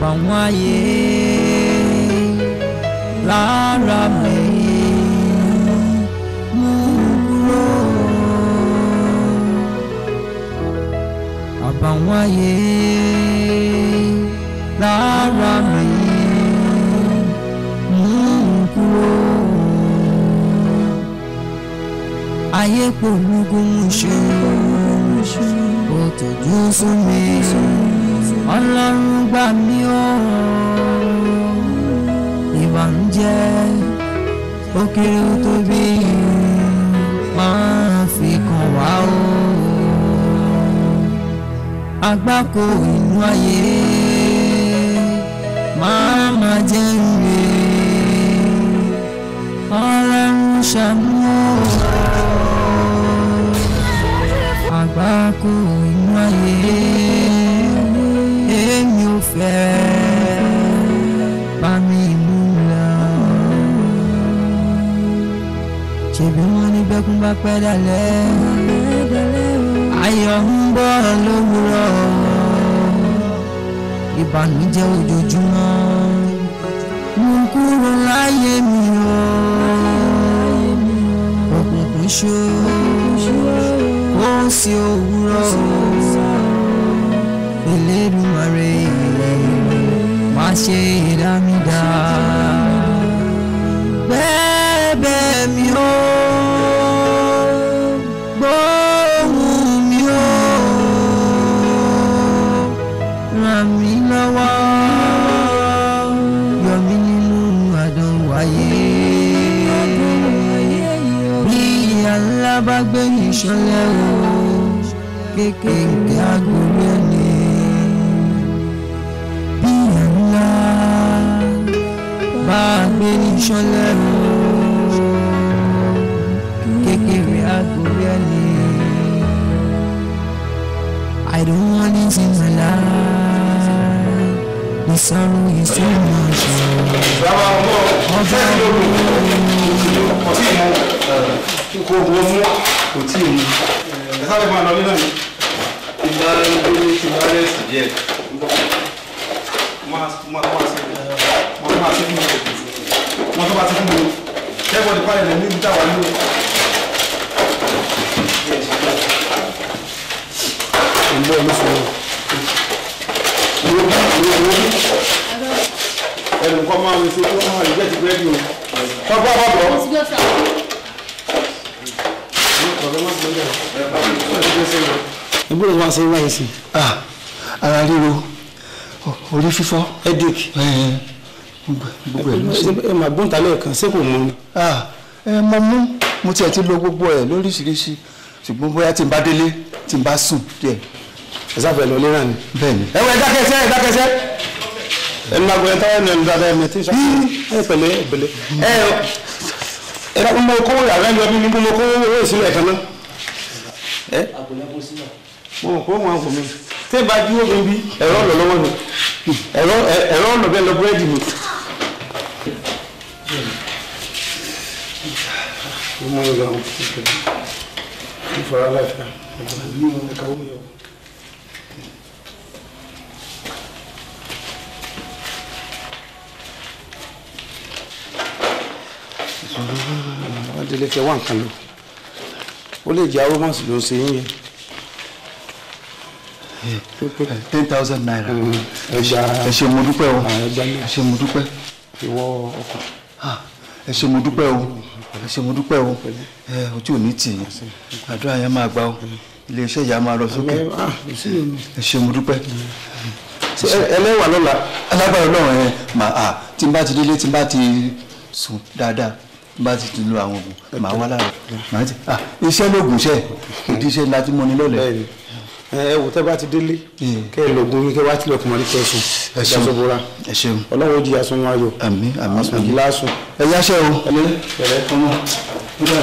pàwọn ayé lára mi mú kúrò àbàwọn ayé lára mi mú kúrò ayé pòlúgùn ṣe ó tọ́jú sún mi ọlọ́run gbà mí o ìwà ń jẹ́ ó kéré ó máa fi kàn wá o àgbákò inú ayé máa ma jẹ́ ìwé ọlọ́run ṣàánú o inú ayé. bókun bá pẹ́ dalẹ̀ ayọ̀ ń bọ̀ lówùrọ̀ ìbànújẹ́ ojoojúmọ́ mú kúrò láyé mi o òkùnkùn ṣó ó sì òwúrọ̀ Elédùmarè má ṣe ìlànà. kéékèèké agolo ẹ̀lẹ́ bí ńlá máa gbé ní sọ́lẹ̀ o kékeré agolo ẹ̀lẹ́. I don't want it in my life. The sorrow is too much. Ọjọ́ ìlú kò tí ì mú. Kò tí ì mú. Ẹ sáré máa lọ nínú mi máa ń gbé ní ṣùgbọ́nrẹ́sì díẹ̀. máa máa máa ṣe máa máa ṣe fún mi wọ́n tó bá ti fún mi kẹ́kọ̀ọ́ nípa ẹ̀rẹ̀ ní ìdá wa ló. ìlú ẹ̀ ló sọ̀rọ̀ ìlú ìlú ìlú ẹnì kan máa ń ṣe tó máa ń jẹ́ ti bẹ́ẹ̀ ni o. tọ́gbọ́n bá bọ̀ ọ́ ìgbóni wọn ṣe wáyé sí. ara ríro orí fífọ́. headache. gbogbo ẹ̀ ló ṣe. ẹ máa gbóǹta lẹ́ẹ̀kan ṣé kò mú ni. ẹ mọ mú mo tiẹ̀ ti lo gbogbo ẹ̀ lóríṣiríṣi ṣùgbọ́n bóyá tí n bá délé tí n bá sùn díẹ̀. ẹ sáfẹ́ lọ lé náà ni. bẹ́ẹ̀ni. ẹ wọ ẹ dákẹ́sẹ́ ẹ dákẹ́sẹ́ ẹnu agbo ẹta ẹnu ẹnu dada ẹnu ẹtí sọfún ẹ pẹ̀lẹ́ pẹ̀lẹ́ ẹ ẹ dàgbọn mọ kówó yàrá ẹnu ẹbí mi mọ kówó owó ìsílẹ̀ kan náà mo rò pé wọn wò mí tẹ́ bá dúró mi bí ẹ̀rọ ọ̀nà lọ́wọ́ mi ẹ̀rọ ọ̀nà bẹ́ẹ̀ lọ búrẹ́dì mi. mo ń lọ àwọn ìfọ̀rọ̀ aláìsàn ìfọ̀rọ̀ ní ìwọ̀n ẹ̀ka owó yẹ̀wò. wọ́n délé fẹ́ wá nǹkan lò ó lè jẹ́ arúmọ̀sì ló ń ṣe yín yẹn ten thousand naira ẹ ṣé mo dúpẹ́ o ẹ ṣé mo dúpẹ́ ah, ah, ẹ ṣé mo dúpẹ́ o ẹ ṣé mo dúpẹ́ o ojú ò ní tì í àdúrà yẹn máa gbà o iléeṣẹ́ yìí á máa lọ sókè ẹ ah, ṣé mo dúpẹ́ ẹlẹ́wà lọ́la alágbára ọlọ́run ẹ màá tí n bá ti délé tí n bá ti sùn dáadáa bá ti tún lo àwọn oògùn màá wá lára màá ti iṣẹ́ lóògùn iṣẹ́ ìdí iṣẹ́ ńlá tí mo ní lọ́lẹ̀ ẹ wò tẹ́ bá ti délé hmm. kẹ́ ẹ lọ́gùn yín kẹ́ wá tilẹ̀ kùmọ̀lì kẹ́ sùn ẹ jà sọ bora ọlọ́run jìyà sun ayọ̀ àmín àmín àsùn yìí lásùn. ẹ yáṣẹ o ẹlẹ ẹlẹ ọmọ nígbà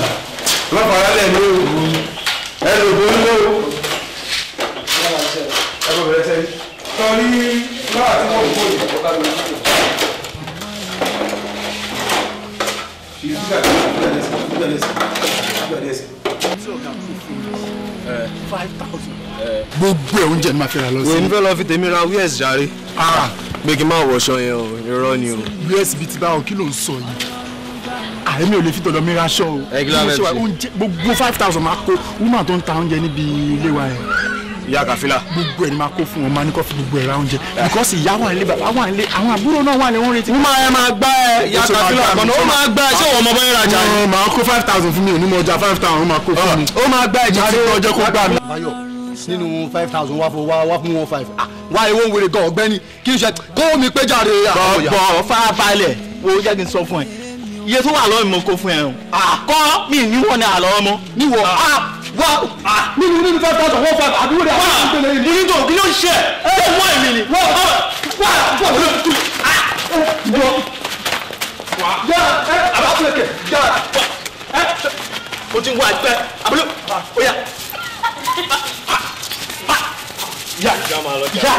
ọlọ́pàá lẹ ní o ẹ lọ́gùn ní o ẹ bọ̀ bẹ̀rẹ̀ sẹ́yìn torí náà tí wọ́n kó yìí ọ̀gá mi. Ìgbà dẹ́sẹ̀ ìgbà dẹ́sẹ̀ ìgbà dẹ́sẹ̀ five thousand. gbogbo ẹ̀ oúnjẹ ni màá fi ra lọ sí. wèé fẹ́ lọ fi tèmi ra wíẹ̀s jàre. Ah. pé kí n máa wọṣọ yẹn o irọ́ ni o. wíẹ̀s bíi ti báwọn kí ló ń sọ yìí ààrẹ ah, mi ò lè fi tọ̀dọ̀ mi raṣọ o. ẹ kí ló gbogbo five thousand máa kó woman tó ń ta oúnjẹ níbi ilé wa yẹn ìyá kàfílà. gbogbo ẹ̀ ni máa kó fún wọn máa ní kó fi gbogbo ẹ̀ ra oúnjẹ. Ah. because ìyá wà nílé bàbá wà nílé àwọn àbúrò náà wà ní wọn retí. ó máa máa gbá ẹ ìyá kàfílà àgbọ̀nà ó máa gbá ẹ ṣé wọn ọmọ bá yẹn rajà. mo máa kó five thousand fún mi ò ní mo ọjà five thousand ó máa kó fún mi. ó máa gbá ẹ̀jẹ̀ tí ọjọ́ kó gbà mí. Báyọ̀ nínú five thousand wá fún wá wá fún one five ah, wá ewo ń wèrè gan ọ̀gbẹ́ni kí n ṣe kó mi péjà rè é. bọ̀ bọ̀ fà balẹ̀ wo jẹ́ kí n sọ fún iye tó wà lọ́wọ́ mi kó fún ẹ o. Ah. kọ́ mi ní wọn ni àlọ́ ọmọ. níwọ̀ ah. ah, wá mi ní nínú five thousand one five àbúrò rẹ̀ wá mo ní tó kí ló ń ṣe ẹ ẹ mọ èmi ni. wá wá wá wá ló tu wọ. yà ẹ àbáfẹ́ kẹ yà ẹ. o ti wá àgbẹ̀ àbúrò ó yà ya ya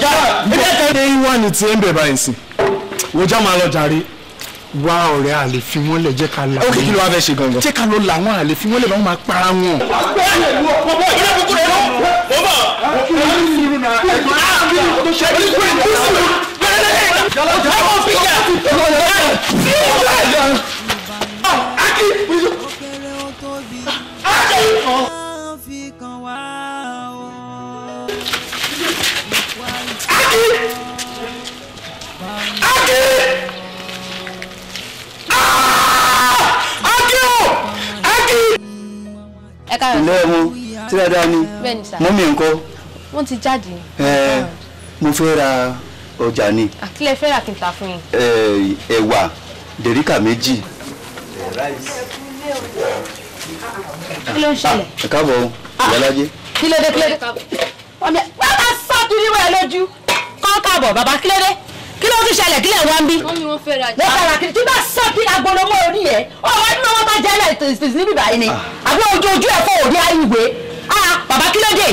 ya ilé ẹ̀ka ni wọ́n ní tiẹ̀ ń bẹ̀ e báyìí sí wọ́n já máa lọ jàre wá ọ̀rẹ́ àlè fi wọ́n lẹ̀ ká la wọn. ok kí ló wá fẹ́ ṣe gangan. jẹ́ ká lọ la wọn àlè fi wọ́n lẹ̀ lọ́wọ́ máa para wọn. Yàrá ìjà ọ̀hún fi yà. káyọ̀ ilé wọn tí dáadáa ni mọ́mí ńkọ́. wọ́n ti jáde. ẹẹ mo fẹ́ ra ọjà ni. àkílẹ̀ fẹ́ rà kí n ta fún yín. ẹ̀wà dèríkà méjì. kí ló ń ṣẹlẹ̀. Ah, ẹ káàbọ̀ ah, ìyálájé. kí ló dé bá sọ́ọ̀tù níwọ̀n lójú kọ́ bàbá kí kí ló tún ṣẹlẹ̀ kí lè wá ń bí. wọ́n ní wọ́n fẹ́ ra jà. wọ́n fẹ́ra kiri tí bá sọ bí agbolomọ́ orí yẹn ọ̀rọ̀ ẹni náà wọ́n bá jẹ́lẹ̀ tìsí níbi báyìí ni ah. àbí ojú ojú ẹ̀fọ́ òde ayíwèé ah bàbá kí ló dé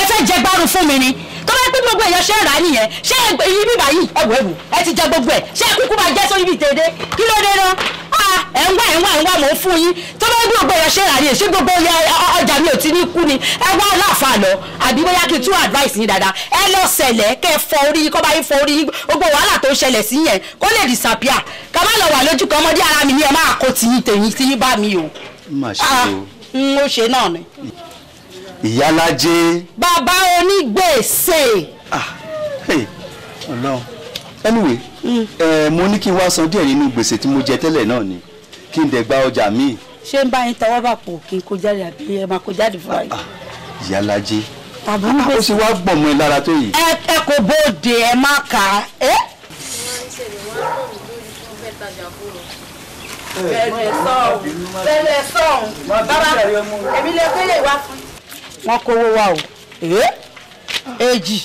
ẹ fẹ́ jẹ gbárùn fún mi ni tó bá pé gbogbo èèyàn ṣe é rà á nìyẹn ṣé èyí bíbá yìí ẹwọ ẹwù ẹ ti jẹ gbogbo ẹ ṣé kúkú máa jẹ sórí ibi tèdè kí ló dé náà ah, ẹ ń wá ẹ ń wá ẹ ń wá mò ń fún yín tó bá gbogbo èèyàn ṣe ń rà á nìyẹn ṣé gbogbo ọjà mi ò ti ní kú ni ẹ wá láàfà lọ àbí bóyá kí n tún advice yín dáadáa ẹ lọ sẹlẹ kẹ fọ orí yín kọ bá yín fọ orí yín gbogbo wàhálà tó ń ṣẹlẹ̀ sí yẹn kó lè disappear ká má lọ wà lójú kan ọmọdé ara mi ni ẹ máa kó tiyín tèyín tiyín bá mi o. má ṣe ah, o. n ṣe náà ni ìyálájé. bàbá onígbèsè. ah hey ọlọ́run anyway mm. ẹ mo ní kí n wá san díẹ̀ nínú gbèsè tí mo jẹ tẹ́lẹ̀ náà ni kí n dẹ̀ gba ọjà míì. ṣé ń bá yín tọwọ́ bà pò kí n kó jáde àbí ẹ máa kó jáde fún wa. Ah, ah, ìyálájé bàbá onígbèsè. Ah, ó sì wá gbọ̀mọ̀ ẹ lára tó yìí. ẹ ẹ kò bóde ẹ má kà á. bẹ́ẹ̀ sọ̀hún bẹ́ẹ̀ sọ̀hún bàbá èmi lè gbélé wá fún wọ́n kówó wa o èjì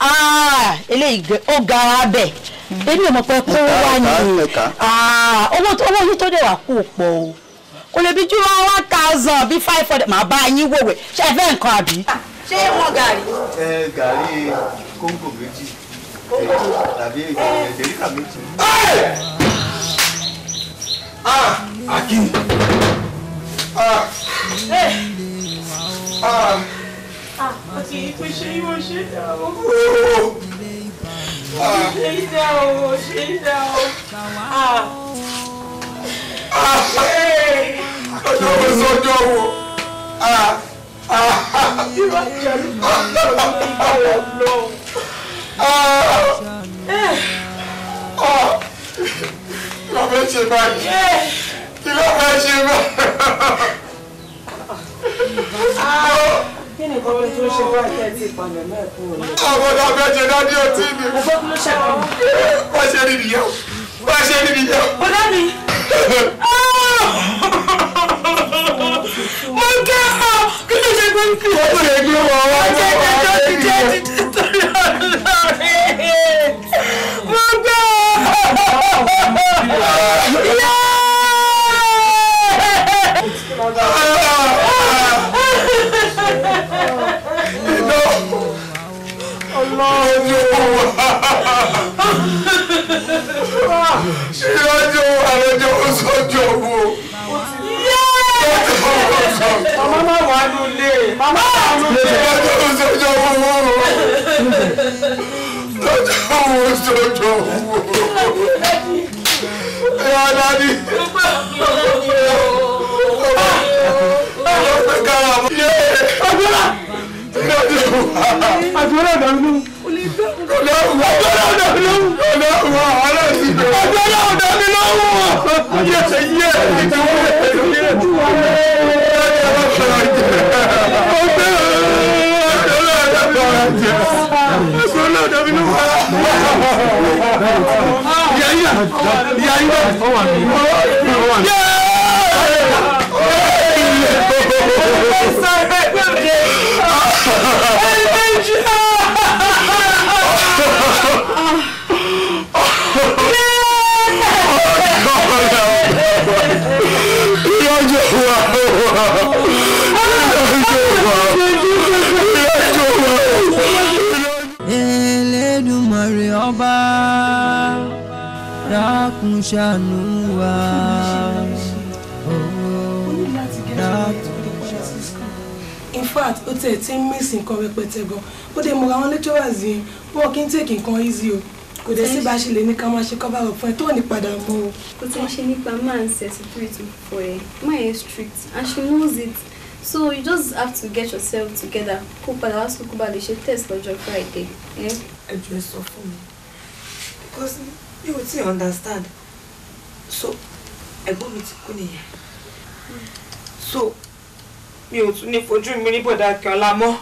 ah, eléyìí ó ga abẹ èmi ò mọ̀ pé kówó wa ni ah, owó yìí tó dé wà kú pọ̀ o kò lè bí jùlọ one thousand bí five hundred màá bá yín wòwè ṣe ẹ fẹ́ nǹkan àbí. Ah, ṣé wọn gàrí. ẹ gàrí kóńgò méjì tàbí ìdèríkà méjì. akin àti ìpè ṣe yóò ṣe dá o. ṣe dá o ṣe dá o. ọjọ́ wo sọ́jọ́ wo. ìwà ìjẹun ló ń bá wọn lọ. Kí ló fẹ́ ṣe báyìí? Kí ló fẹ́ ṣe báyìí? kí àwọn ọ̀dọ́ abẹ́jẹ náà ọtí mi. ọgbọ́n ṣe rí nìyẹn bá ṣe rí nìyẹn. bọ́dá mi. mo jẹ́ ọ kí ló ṣe gbé kí. ó lè gbé wọn wá. ó jẹ́ ìdájọ́ ti jẹ́ ti tẹ̀lé ọ̀rẹ́. ìrọ̀jò àlejò sọ́jọ́ wo. màmá má wà á lulẹ̀ màmá má wà á lulẹ̀. ìrọ̀jò sọ́jọ́ wo. lọ́jọ́ wo sọ́jọ́ wo. ìyá dání. ọjọ́ náà. ọjọ́ náà dàgbù kò lóhùn wọn. ọjọ́ náà dàbí lóhùn. kò lóhùn wọn ọ̀rẹ́ ti dùn. ọjọ́ náà dàbí lóhùn wọn. yẹ ẹ yẹ ẹ ti wọ ẹ ti wọ ẹ ti wọ Yàyà yàyà yàyà. Ẹ ẹ jẹ́. ṣàánú wa. in fact ó tẹ̀ tí ń mísìn nǹkan rẹpẹtẹ gan ó dé mọ̀ra àwọn lecturers yẹn wọ́n kí n tèkì nǹkan easy o kò dẹ̀ sí bá ṣe lè ní ká máa ṣe cover up fún ẹ tó ní padà mọ́ o. kò tẹ́ ṣe nípa máa ń ṣe security for ẹ máa yẹ strict and she knows it so you just have to get yourself together kó padà wá sókó ba lè ṣe test lọ́jọ́ friday. Eh? ẹ jọ ẹ sọ fún mi because mi ò tí ì understand so ẹ̀gbọ́n mi ti kú nìyẹn so mi ò tún ní fojú mi rí bọ̀dá kíọ́lá mọ́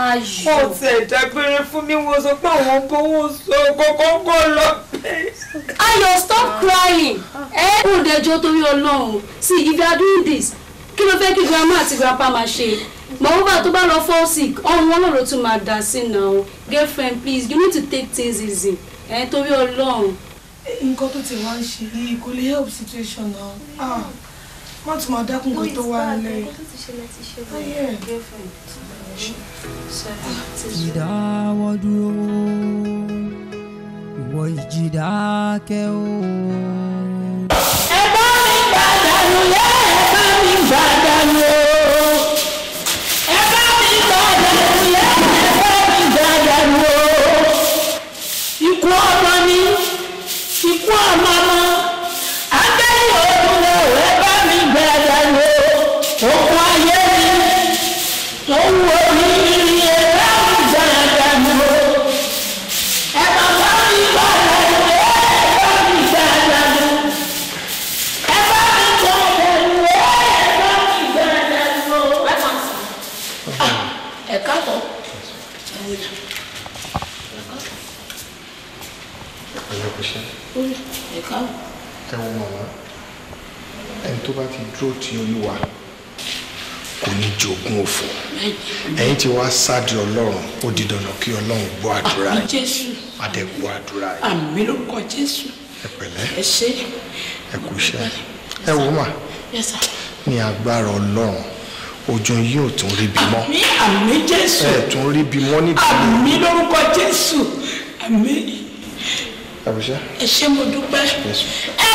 ayọ̀ ó ti ẹ̀dá gbére fún mi wọ́n sọ pé àwọn bówó so kọ́kọ́kọ́ lọ bẹ́ẹ̀. ayọ̀ stop crying ẹ kò dẹjọ́ torí ọlọ́run sí if you are doing this kí ló fẹ́ kí grandma àti grandpa máa ṣe mọ̀wúbà tó bá lọ fall sick ọ̀hún wọn lọ́rọ̀ tún máa dà sí náà girlfriend please you need to take things easy ẹ̀ torí ọlọ́run nǹkan tó ti wá ń ṣe yìí kò lè help situation now ah má tún máa dákun nǹkan tó wà nílẹ̀ ah. ìdáwọ́ dúró ìwọ ìjì dákẹ́ o. ẹ bá mi gbàdánù yẹ ẹ ikú ọmọ. tó bá ti dúró ti olúwa kò ní jogún òfò ẹ̀yin tí wàá sáàdì ọlọ́run ó di dandan kí ọlọ́run gbọ́ àdúrà yìí adẹ́gbọ́ àdúrà yìí. àmì ló kọ jésù. ẹ pẹ̀lẹ́ ẹ ṣe ẹ kú iṣẹ́ ẹ wò mà ní agbára ọlọ́run ojú yóò tún rí bímọ. àmì jésù ẹ tún rí bímọ níbi. àmì lórúkọ jésù àmì. ẹ ṣe mo dúpẹ́. ẹ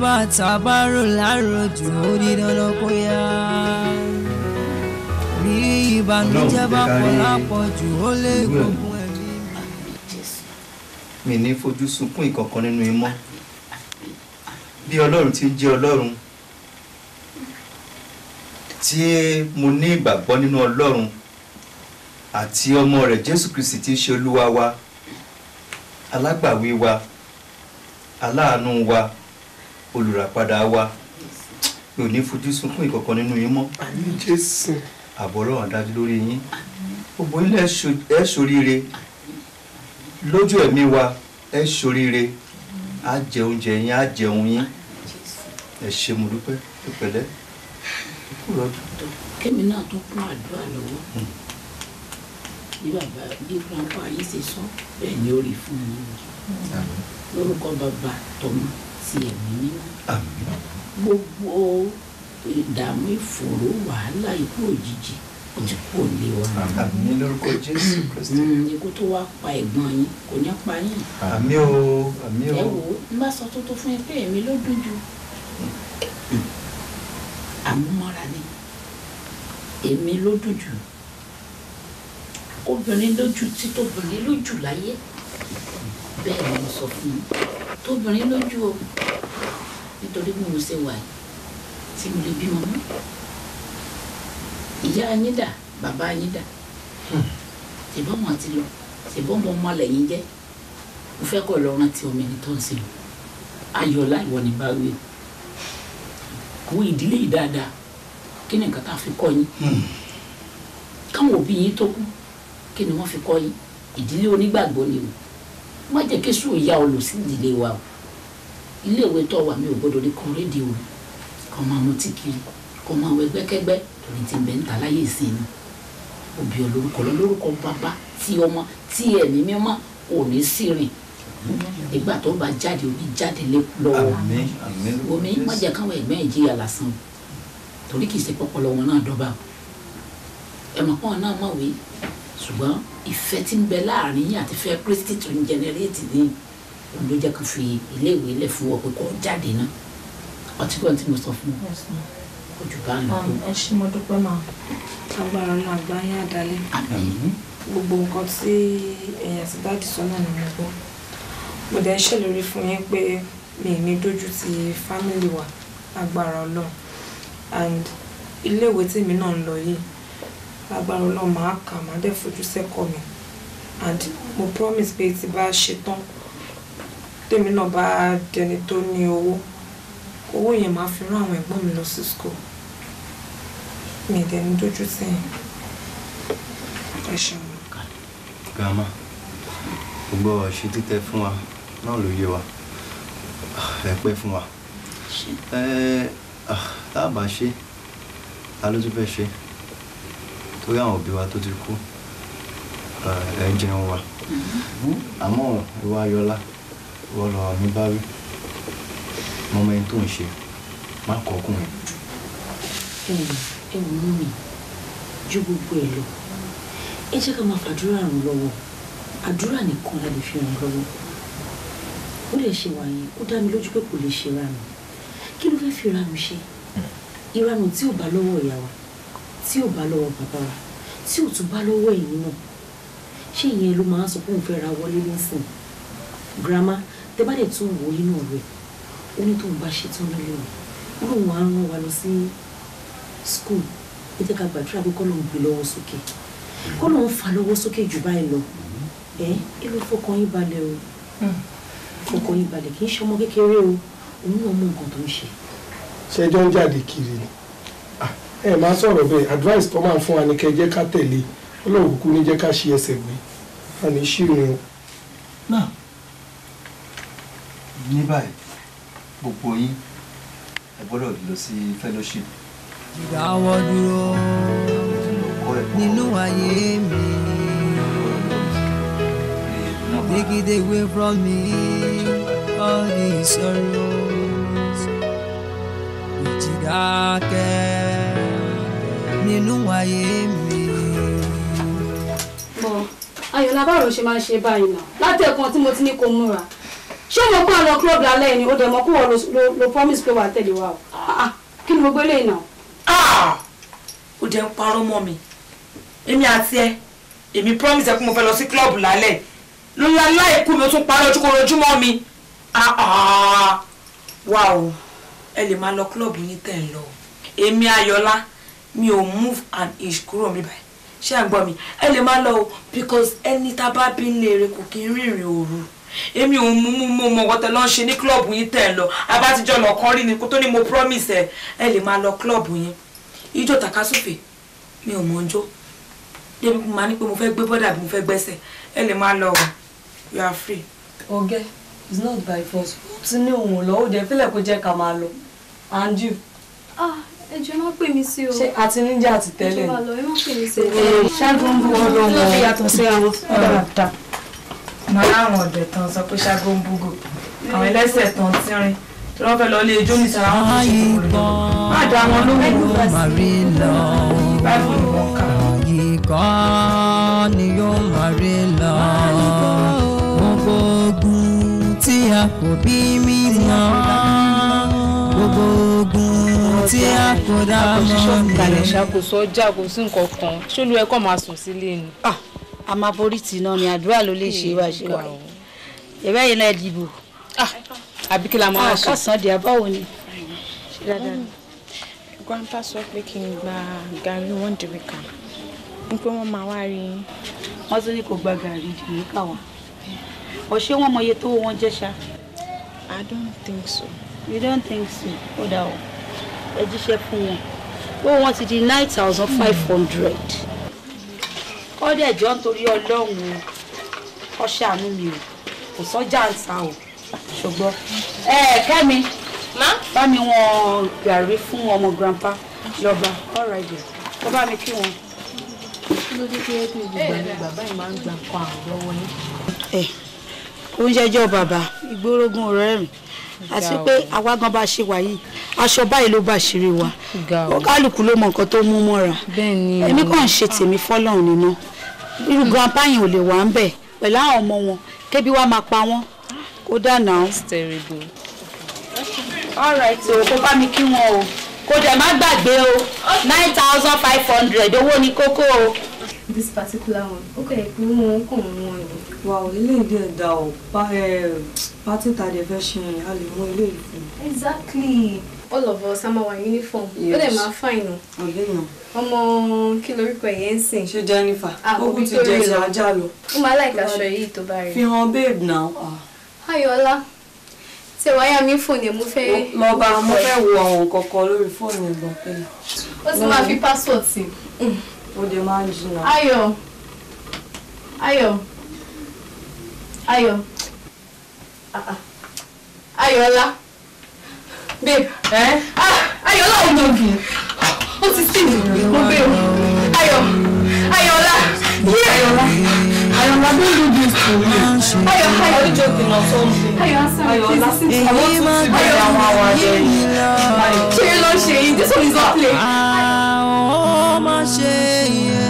bàtà bá rò lárojù ó di dandan kó yá. bí ìbànújẹ́ bá pọ̀ lápọ̀jù ó lè gbógun ẹ̀mí. mi ní fojú sunkún ìkọ̀kan nínú imọ́ bí ọlọ́run ti jẹ́ ọlọ́run tí mo ní ìgbàgbọ́ nínú ọlọ́run àti ọmọ rẹ̀ jésù kristi tí í ṣe olúwa wa alágbàwí wa aláàánú wa olùràpadà wa mi ò ní fojú sunkún ìkọ̀kan nínú yín mọ́ ààbò ọlọ́run dájú lórí yín gbogbo ilé ẹ ṣoríire lójú ẹ̀mí wa ẹ ṣoríire á jẹ oúnjẹ yín á jẹun yín ẹ ṣé mo dúpẹ́ pẹ̀lẹ́ kémi náà tó kún àdúrà lọ́wọ́ hmm. bí bàbá bí grandpa yìí ṣe sọ bẹ́ẹ̀ ni ó rí fún mi lórúkọ bàbá tọmọ ti ẹ̀mí nínú gbogbo ìdààmú ìfòòró wàhálà ikú òjijì kò ti kú òní wa. àmín lórúkọ jésù kristi. Hmm. ikú tó wá pa ẹ̀gbọ́n yín kò ní pa yín. àmín o àmín o. ẹ wo n bá sọ tó tó fún yín pé èmi ló àmúmọ́ra ni èmi ló dùn jù obìnrin lójú tí tóbìnrin lójú láyé bẹ́ẹ̀ ni mo sọ fún un tóbìnrin lójú o nítorí bí mo ṣe wà yìí tí mo lè bímọ mọ́ ìyá yín dà bàbá yín dà ṣèbọn wọn ti lọ ṣèbọn mo mọ lẹ́yìn jẹ́ mo fẹ́ kọ́ lọ́ọ́ rántí ọmọ ẹni tó ń sìn ayọ̀ láìwọ ní báwí o àwọn ìdílé yìí dáadáa kí ni nǹkan tá a fi kọ́ yín hmm. káwọn òbí yín tó kú kí ni wọ́n fi kọ́ yín ìdílé onígbàgbọ́ ni o má jẹ́ kí sùn ìyá olù sí ìdílé wa o iléèwé tó wà mí ò gbọ́dọ̀ rí kan rédíò rẹ̀ kọ́ máa mutí kiri kọ́ máa wọ ẹgbẹ́kẹ́gbẹ́ torí ti bẹ̀ ń ta láyé ìsinmi òbí olórúkọ lórúkọ bàbá tí ọmọ tí ẹ̀mí mímọ́ òní sí rìn ìgbà tó bá jáde òní jáde lọ́wọ́ omi má jẹ́ káwọn ẹ̀gbọ́n ìjìyà lásán torí kì í ṣe pọpọlọ wọn náà dọ́ba ẹ̀mọ̀pọ̀n náà mọ̀ wí ṣùgbọ́n ìfẹ́ tí ń bẹ láàrin yín àti fẹ́ Kristi tó ń jẹnẹrétì ní òun ló jẹ́ kó fi iléèwé lẹ̀ fún ọ pé kó jáde náà ọtí kan tí mo sọ fún un ojú bá ń lọ. Um, ẹ ṣé mo dúpẹ́ máa agbára náà àgbáyé àdálẹ́ gbogbo nǹkan tí ẹ̀yà ti bá dì sọ́nà ni mo gbọ́ mo dẹ̀ ṣèlérí fún yín pé mi ní dójú ti fámìlì wa agbára ọlọ́run and iléèwé tèmi náà ń lọ yìí agbára ọlọ́run máa kà má dẹ̀ fojú sẹ́kọ̀ọ́ mi and mo promise pé tí bá ṣe tán tèmi náà bá dẹni tó ní owó owó yẹn máa fi rán àwọn ẹ̀gbọ́n mi lọ sí school mi dẹ̀ ní dójú tì yín ẹ ṣeun. gàmà gbogbo ọ̀ṣẹ́ títẹ fún wa náà ló yé wa ẹ pẹ́ fún wa táàbà ṣe ta ló tún fẹ́ ṣe torí àwọn òbí wa tó ti kú ẹ jẹun wa mm-hmm. àmọ́ ìwà ayọ̀lá wọ́n lọ mi bá wí mọ́mọ́ ẹni tó ń ṣe má kọ́kùnrin. ẹ ẹ wò ó mi ju gbogbo ẹ lọ ẹ jẹ́ ká máa fàdúrà ràn lọ́wọ́ àdúrà nìkan la lè fi ràn lọ́wọ́ ó lè ṣe wà yẹn ó dá mi lójú pé kò lè ṣe ránu kí ló fẹ́ fi ránu ṣe ìranù tí ò bá lọ́wọ́ ìyá wa tí ò bá lọ́wọ́ bàbá wa tí ò tún bá lọ́wọ́ ẹ̀yìn náà ṣé ìyẹn ló máa ń sọ pé òun fẹ́ ra wọlé lẹ́sìn girama tẹ bá dẹ̀ tún wò ó inú ọ̀rẹ́ ó ní tóun bá ṣe tán nílé o ó lóun á rán wa lọ sí school ẹ jẹ́ ká gbàdúrà pé kọ́lọ́n gbé e lọ́wọ́ sókè kọ́lọ́n fà lọ́wọ́ sókè jù báyìí lọ ẹ ẹ ló fọkàn yín balẹ̀ o. Hmm kọkọ yìí balẹ̀ kì í ṣe ọmọ kékeré o òun náà mú nǹkan tó ń ṣe. ṣé ń jáde kiri ni ẹ máa sọ̀rọ̀ bẹ́ẹ̀ advice tó máa fún wa ni kẹ́ jẹ́ ká tẹ̀lé ọlọ́run kúkú ní jẹ́ ká ṣe ẹsẹ̀ gbé a ní ṣìrìn o. náà ní báyìí gbogbo yín ẹ gbọ́dọ̀ lọ sí fellowship. ìdáwọ́ dúró nínú ayé mi. Take it away from me all these sorrows mo ti dákẹ́ nínú ayé mi. bọ́ ayọ̀lá báwo ṣe máa ń ṣe báyìí náà látẹ̀kan tí mo ti ní kó múra ṣé mo kó àwọn club lálẹ́ ni ó dẹ̀ mọ́ kó wọ́n lo promise pé wà á tẹ̀lé wa o ah, ah, kí ni mo gbélé iná. ó dẹ̀ ń parọ́ mọ́ mi èmi àti ẹ èmi promise ẹ pé mo fẹ́ lọ sí club lálẹ́ lọ́la láìkú mi ó tún parọ́ ojúkọ̀ọ́júmọ́ mi. Ah o ẹ lè máa lọ kílọ̀bù yín tẹ̀ ń lọ èmi ayọ̀lá mi ò move an inch kúrò mi báyìí ṣé à ń gbọ́ mi ẹ lè máa lọ o because ẹni tá a bá bí ń lè rè kò kí ń rìnrìn òru èmi ò mú mú mú mọ wọ́tẹ̀ lọ́n ṣe ní kílọ̀bù yín tẹ̀ ń lọ abátijọ́ lọ kán rí ni kó tó ní mo promise ẹ ẹ lè máa lọ kílọ̀bù yín ijó takasúfè mi ò mọ ọjọ́ débi mo máa ní pé mo fẹ́ gbé bọ́dà bí mo fẹ́ gbẹ́sẹ̀ ẹ lè máa lọ o you are free. ọgẹ́. Okay it's not by force ó ti ní òun lọ ó jẹ fílẹ̀ kó jẹ́ ká máa lọ and you. ah ẹjọ máa pè mí sí o. ṣé àti níjà àti tẹ́lẹ̀ ni. ẹjọ máa lọ ẹ máa pè mí sí o. ṣáàgùn bú ọlọ́run ọ̀hún. ló fi yàtọ̀ sí àwọn. ọ̀rọ̀ ta mọ láwọn ọ̀dẹ̀ tán sọ pé ṣáàgùn búgò àwọn ẹlẹ́sẹ̀ tán ti rìn tí wọ́n fẹ́ lọ lé ijó níta àwọn ọmọ ìṣòro má dá wọn lóhùn báyìí fún ìwọ̀n ká. ìkọ́ ni yóò máa rí lọ a kò bí mi mọ́ gbogbo ogun tí a kò dá mọ́ mi. àkọsíṣọ́ ṣàkóso ọjà kò sí nǹkan kan ṣólú ẹ kọ́ máa sùn sílé ni. Ah, a máa borí tìǹà ni àdúrà ló lè ṣe wá ṣe wá ìbẹ́ yìí náà dìbò. Ah, àbí la máa ah, ṣe. àkọsàn di àbáwo ni. grandpa sọ pé kí n gba gàrí one dìríkà n pé wọ́n máa wá rí i. wọ́n tún ní kò gba gàrí dìríkà wá. Or ṣé wọ́n mọ iye tó wọ́n I don't think so. You don't think so? Oh dà o. Ẹ jíṣẹ́ fún wọn. Ó wọ́n ti di nine thousand five hundred. Ọ̀dẹ̀ jọ nítorí Ọlọ́run o. Ó ṣàánú mi o. Kò sọ́jà ń ta o. Ṣùgbọ́n ẹ Kẹ́mi. Má. Bá mi wọn gàrí fún ọmọ grandpa lọ́ba. All right there. Kó bá mi kí wọn ló dé pé ẹbí ìgbà ni bàbá yìí máa ń ó ń ṣẹjọ́ bàbá ìgbórógún ọ̀rẹ́ mi àti pé àwa gan bá ṣe wà yìí aṣọ báyìí ló bá ṣeré wa kálukú ló mọ nǹkan tó mú mọ́ra èmi kàn ń ṣe tèmi fọ́lọ́run nínú irú mm. grandpa yẹn ò lè wà ń bẹ̀ pẹ̀lú àwọn ọmọ wọn kébi wàá máa pa wọn kó dànà. all right o kó bá mi kí wọn o kó dẹ̀ má gbàgbé o nine thousand five hundred owó ni kókó o. this particular one ó kẹ́ ẹ̀ pé wọ́n kò mú wọn o wa o eléyìí dẹ̀ da o pátí tàdé fẹ́ ṣe yẹn a lè mú eléyìí fún. exactly all of us a our wà uniform ó dẹ̀ máa fine o. ọ̀lẹ́yìn. ọmọ kí lorúkọ yẹn ń sìn. ṣé Jennifer kókó ah, ti jẹ ṣe ajá lọ. ó máa láìka aṣọ yìí tó bá rí. fi hàn babe now. Ah. ayọ̀ọ́lá ṣe wáyà mi fóònù ẹ̀ mo fẹ́. lọ bá mo fẹ́ wo àwọn kọ̀ọ̀kan lórí fóònù ẹ̀ gbọ̀n ó ti máa fi password sí. ó dẹ̀ máa ń jìnnà. ayọ̀ ayọ̀. Ayo, ah Ayọ̀. Ayọ̀lá. Babe. Eh? Ah, Ayọ̀lá ò mọ̀ bí. Ó ti sí mi. Mo bẹ̀ o. Ayọ̀. Ayọ̀lá. Ayọ̀lá. Ayọ̀lá don't do this to me. Ayọ̀ Ayọ̀ are you joking or something? Ayọ̀ Asa. ayo, I want to see the Ayọ̀ Awa there. Ṣé ló ń ṣe yìí? This one is not play. Àwọn ọmọ ṣe yẹ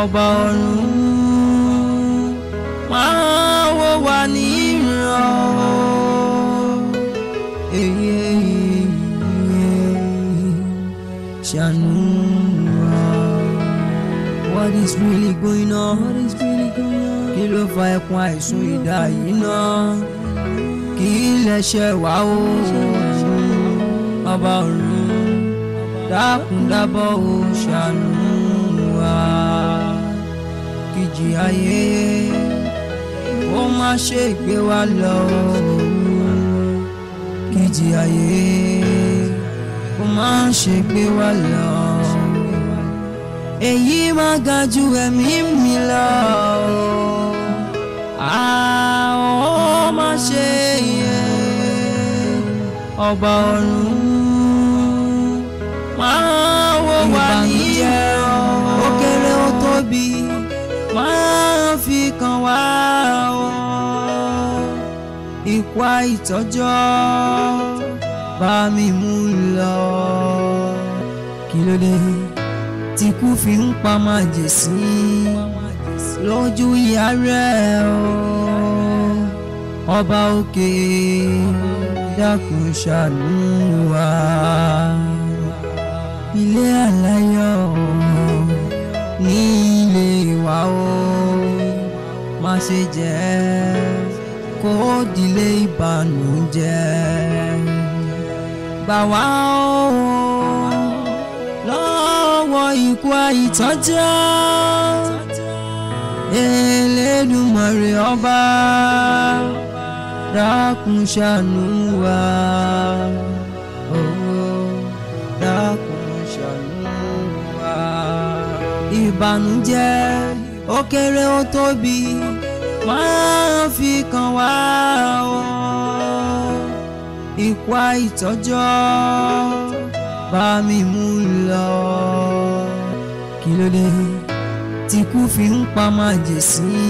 ọba ọ̀run máa what is really going on what is really going on kí ló fa ẹkún àìsùn ìdá yìí náà kí lè ṣe wá o ọba ọ̀run dákun dábọ̀ o ṣàánú wa kìjì ayé ó má ṣe gbé wa lọ kejì ayé ó má ṣe gbé wa lọ èyí má ga ju ẹ̀mí mi lọ ó má ṣe yẹ ọba ọ̀run má wò wá níyẹn ó kéré ó tóbi má fi kàn wá ipa ìtọ́jọ́ bá mi mú lọ. kí ló dé tí kú fi ń pa máa jẹ sí lójú ìyá rẹ̀ o ọba òkè dákun ṣàánú wa ilé àláyọ̀ ní ilé wa o má ṣe jẹ́ ẹ́ kó dilé ìbànújẹ́ gbà wá o lọ́wọ́ ikú àìtọ́jọ́ Elédùmarè ọba dákun ṣàánú wa dákun ṣàánú wa ìbànújẹ́ ó kéré ó tóbi máa fi kàn wá o ìpa ìtọ́jọ́ bá mi mú lọ kí ló dé tí kú fi ń pa máa jẹ sí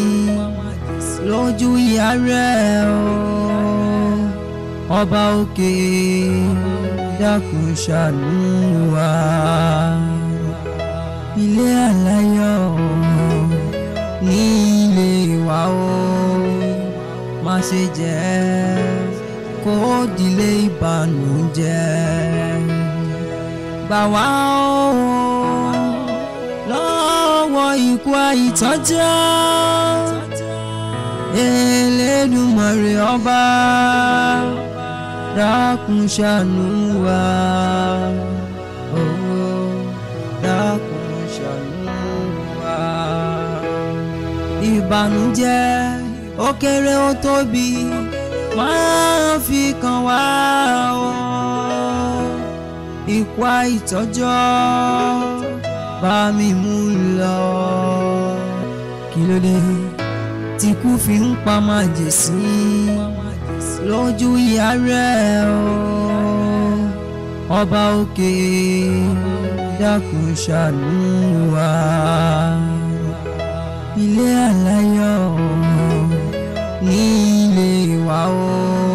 lójú ìyá rẹ̀ o ọba òkè dákun ṣàánú wa ilé àláyọ̀ o má ṣe jẹ́ kó dilé ìbànújẹ́ gbà wá o lọ́wọ́ ikú àìtọ́jọ́ Elédùmarè ọba dákun ṣàánú wa. ìbànújẹ́ ó kéré ó tóbi máa fi kàn wá o ìpa ìtọ́jọ́ bá mi mú lọ kí ló dé tí kú fi ń pa máa jẹ̀ sí lójú ìyá rẹ̀ o ọba òkè dákun ṣàánú wa ilé àláyọ̀ ní ilé wa o.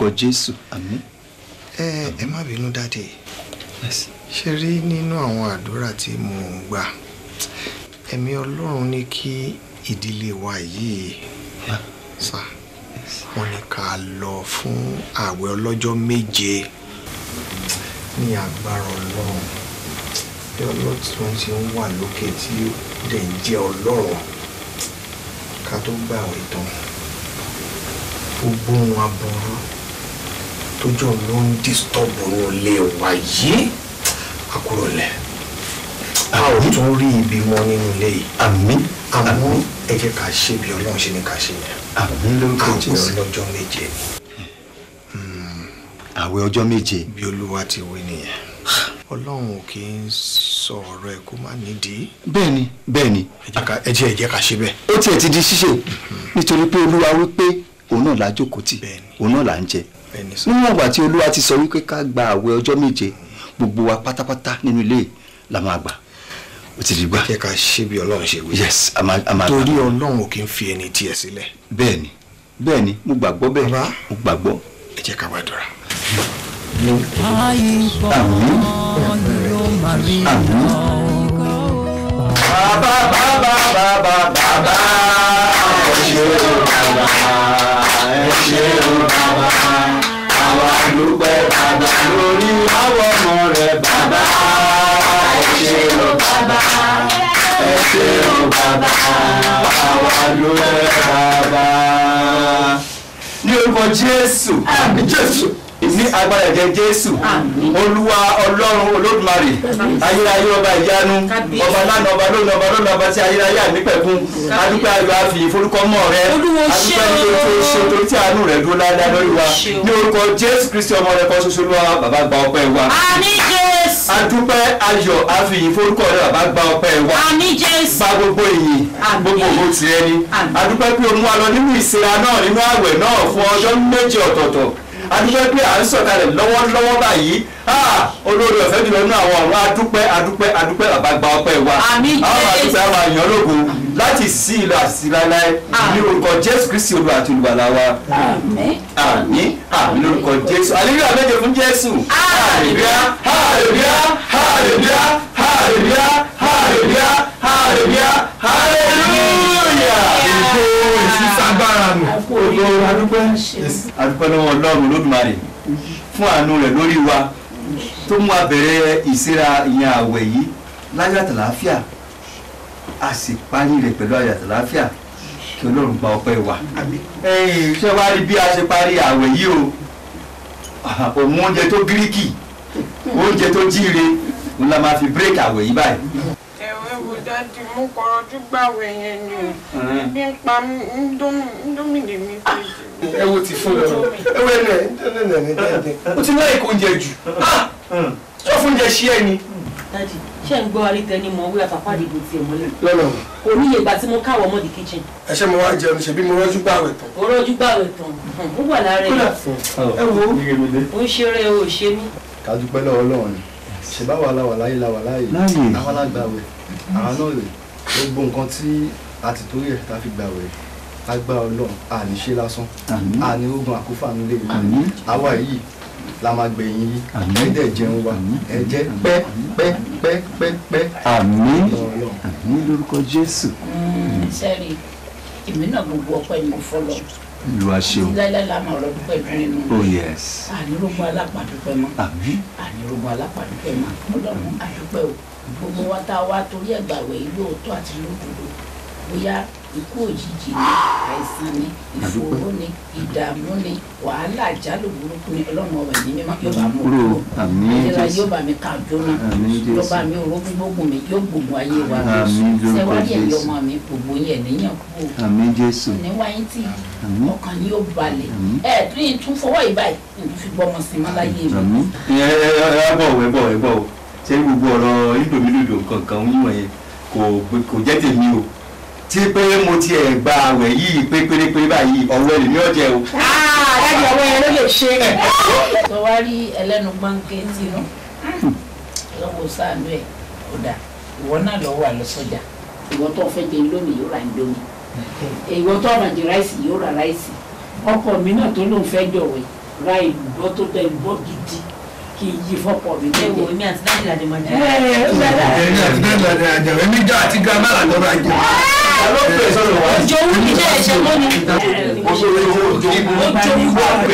lórúkọ jésù àmín. ẹ ẹ má bínú dáadé ṣe rí nínú àwọn àdúrà tí mo ń gbà ẹ̀mí ọlọ́run ní kí ìdílé wa yìí sá wọn ní ká lọ fún ààwẹ̀ ọlọ́jọ́ méje ní agbára ọlọ́run bí ọlọ́tún ti ń wà lókè tí ó dẹ̀ ń jẹ́ ọlọ́run ká tó gbà wẹ̀ tán gbogbo ohun aburú tójú ló ń disturb ní ilé wa yìí àkúrò lẹ̀ a ò tún rí ibi mọ́ nínú ilé yìí àmín àmọ́ ẹ jẹ́ ká ṣe bí ọlọ́run ṣe ní ká ṣe yẹn àmín lórúkọ jésù àwẹ̀ ọlọ́jọ́ méje ni hmm. àwẹ̀ ọjọ́ méje bí olúwa ti wí nìyẹn ọlọ́run ò kì í sọ ọ̀rọ̀ ẹ̀ kó má nídìí. bẹ́ẹ̀ni bẹ́ẹ̀ni. ẹ jẹ́ ẹ ká ṣe bẹ́ẹ̀. ó tiẹ̀ ti di ṣíṣe hmm. nítorí pé olúwa wí pé òun náà la jókòó tì òun náà la ń jẹ níwọ̀n ìgbà tí olúwa ti sọ wípé ká gba àwẹ̀ ọjọ́ méje gbogbo wa pátápátá nínú ilé la máa gbà ó ti di gbà. kí ẹ ká ṣe bí ọlọ́run ṣe wí. yes a máa a máa. torí ọlọ́run ò kì í fi ẹni tiẹ̀ sílẹ̀. bẹ́ẹ̀ni bẹ́ẹ̀ni mo gbàgbọ́ bẹ́ẹ̀ mo gbàgbọ́. ẹ jẹ́ ká wá dọ̀ra. àmín àmín àmín. bàbá bàbá bàbá bàbá ẹ ṣe o bàbá ẹ ṣe o bàbá dúpẹ́ bàbá lórí àwọn ọmọ rẹ̀ bàbá ẹ ṣé o bàbá ẹ ṣé o bàbá àwa dúpẹ́ bàbá. ní orúkọ Jésù àmín Jésù ní agbára ẹ̀jẹ̀ jésù olúwa ọlọ́run olódùmarè ayérayé ọba ìyanu ọba lánà ọba lónà ọba lónà ọba tí ayérayé ànípẹ̀kun adúpẹ́ ayọ̀ àfi ìforúkọmọ́ rẹ adúpẹ́ ní oṣù ṣe torí tí àánú rẹ dúró ládàá lórí wa ní orúkọ jésù kristi ọmọ rẹ kan ṣoṣo lọ́wọ́ bàbá gba ọpẹ́ wa. àmín jésù. adúpẹ́ ayọ̀ àfi ìforúkọ rẹ bàbá gba ọpẹ́ wa. àmín jésù. gba gbogbo ìyìn gbogbo ògbó tirẹ̀ ni adúpẹ́ pé o mú wa lọ nínú ìsira náà nínú àwẹ̀ náà fún ọjọ́ méje ọ̀tọ̀ọ̀tọ̀ adúpẹ́ pé à ń sọ̀kalẹ̀ lọ́wọ́lọ́wọ́ báyìí olórí ọ̀fẹ́ jùlọ ní àwọn ọ̀run adúpẹ́ adúpẹ́ adúpẹ́ bàbá gba ọpẹ́ wa àwọn adúpẹ́ àwọn àyàn lógo láti sí ìlú àsìláláì ní orúkọ Jésù Kristi olú àti olùbàlà wa àmín àmín lórúkọ Jésù àlejò àlejò fún Jésù hallelujah hallelujah hallelujah hallelujah hallelujah hallelujah hallelujah gbogbo adúpẹ́ adúpẹ́ lọ́wọ́ ọlọ́run lódùmarè fún àánú rẹ̀ lórí wa tó mú a bẹ̀rẹ̀ ìsíra ìyẹn àwẹ̀ yìí láyọ̀ àtàláfíà a sì parí rẹ̀ pẹ̀lú ayọ̀ àtàláfíà kí ọlọ́run gba ọpẹ́ wa. ṣé wàá rí bí a ṣe parí àwẹ̀ yìí o òun oúnjẹ tó gíríkì oúnjẹ tó jíire òun la máa fi bírèkì àwẹ̀ yìí báyìí ẹ wò dáàdi mo kọ̀rọ̀jú gbàwẹ̀ ni o ibi ń pa ndómìnì mi kejì. ẹ wo ti fún lọ ẹ wo ẹnẹ ẹnẹ ẹnẹ dáàdi o ti láyè kó oúnjẹ jù sọ ah! fún oúnjẹ ṣí ẹ ni. dáàdi ṣé ń gbọ́ arí tẹni mọ wíwá pàpá àdìgbò tiẹ̀ mọ́lẹ̀. lọ́nà o. kò ní ìyẹ̀gbà tí mo káwọ̀ mọ́ di kitchen. ẹ ṣe mo wá jẹun ṣebí mo rọ́jú gbàwẹ̀ tán. o rọ́jú gbàwẹ̀ tán ó wà lára ẹ. wo ń ṣeré o ò ṣe mí. ká dúpẹ́ lọ́wọ́ Ọlọ́run ṣèbáwá la wà láyé la wà láyé àwa la àwọn náà rè gbogbo nǹkan tí a ti torí ẹ̀ tá a fi gbà wẹ̀ agbára ọlọ́run àní ṣe lásán àní ogun àkúfàánú lè rí àwa yìí la máa gbẹ̀yìn yìí ẹ̀ẹ́dẹ̀ jẹun wa ẹ̀jẹ̀ pẹ́ pẹ́ pẹ́ pẹ́ pẹ́. àmín àmín lórúkọ jésù. sẹ́ẹ̀rì mm, èmi náà gbogbo ọpẹ́ ni mo fọlọ́ lu aṣeun láíláí la máa rọdún pẹ̀lú nínú oh yes ànírógún alápàdúpẹ́ mọ́ ànírógún alápàdúpẹ́ mọ́ ọlọ́run àdúpẹ́ o gbogbo wa tá a wá torí ẹ̀gbàwẹ̀ yìí lóòótọ́ àti lódodo bóyá ikú òjijì ni àìsàn ni ìfòòró ni ìdààmú ni wàhálà àjálù burúkú ni ọlọ́run ọ̀wẹ̀ ní mímọ́ yóò bá mú kúrò ìlera yóò bá mi kà jóná yóò bá mi orógún gbógun mi yóò gbogbo ayé wa sẹ́wáyé ẹ̀yọ́ ọmọ mi gbogbo yẹn níyàn kú o níwáyé tí ọkàn ni yóò balẹ̀ ẹ̀ tún yìí tún fọwọ́ ìbáyìí nítorí fi gbọ́mọ sí mọ́ láyé mi. ẹ ẹ ẹ bọ̀ ẹ bọ̀ ẹ bọ̀ o ṣé gbogbo ọ̀rọ̀ ìdòmídòdò kankan yíwọ̀n yẹn kò kò jẹ́ tèmi o tí pé mo tiẹ̀ gba àwẹ̀ yìí pé báyìí ọ̀wẹ́ rẹ̀ ní ọ̀jẹ̀ o. láti ọwọ́ yẹn ló lè ṣe é. sọ wá rí ẹlẹ́nu gbọ́ǹkẹ́ tí inú lọ́wọ́ sáànú ẹ̀ kò dà ìwọ náà lọ́wọ́ àlọ́sọjà ìwọ tó fẹ́ jẹ lómi yóò ra lómi ìwọ tó ọ̀rọ̀ jẹ ráìsì yóò ra ráìsì ọkọ mi náà tó lóun fẹ́ jọ̀wẹ́ ra ìbọ́ tó dẹ ìbọ́ gidi kì í yí fọ́pọ̀ mi. ẹ wo èmi àti dájú làjọ máa jẹ. èmi àti dájú làjọ máa jẹ èmi jọ àti gírámà làjọ máa jẹ. ọjọ́ owó kì í ṣe ẹ̀ṣẹ̀ mọ́ ni. ọjọ́ owó kì í ṣe ẹ̀ṣẹ̀ mọ́ ni.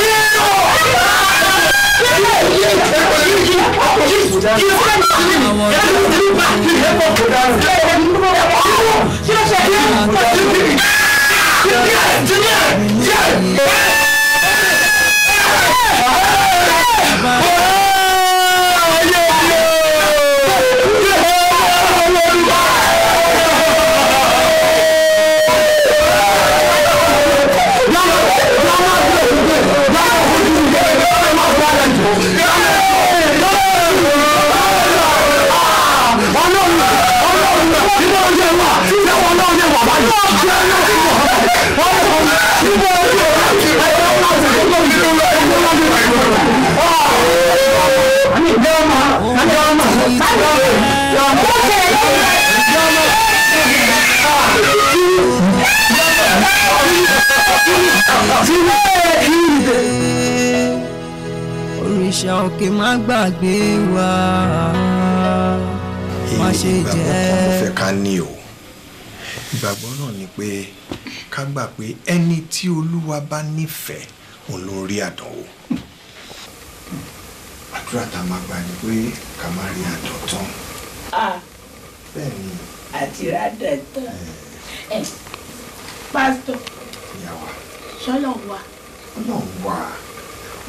Yeah. ìfúnná ìfúnná ìfúnná ìfúnná ìfúnná ìfúnná ìfúnná gbàgbé wa ìgbàgbọ́ kan fẹ́ ká ní o ìgbàgbọ́ náà ni pé ká gbà pé ẹni tí olúwa bá nífẹ̀ẹ́ òun àdánwò àdúrà tá a máa gbà ni pé ká má rí àdán tán. bẹ́ẹ̀ ni. àti rádẹ̀ tán. pásítọ̀. ìyá wa. sọ́lọ̀ wa. ọlọ́run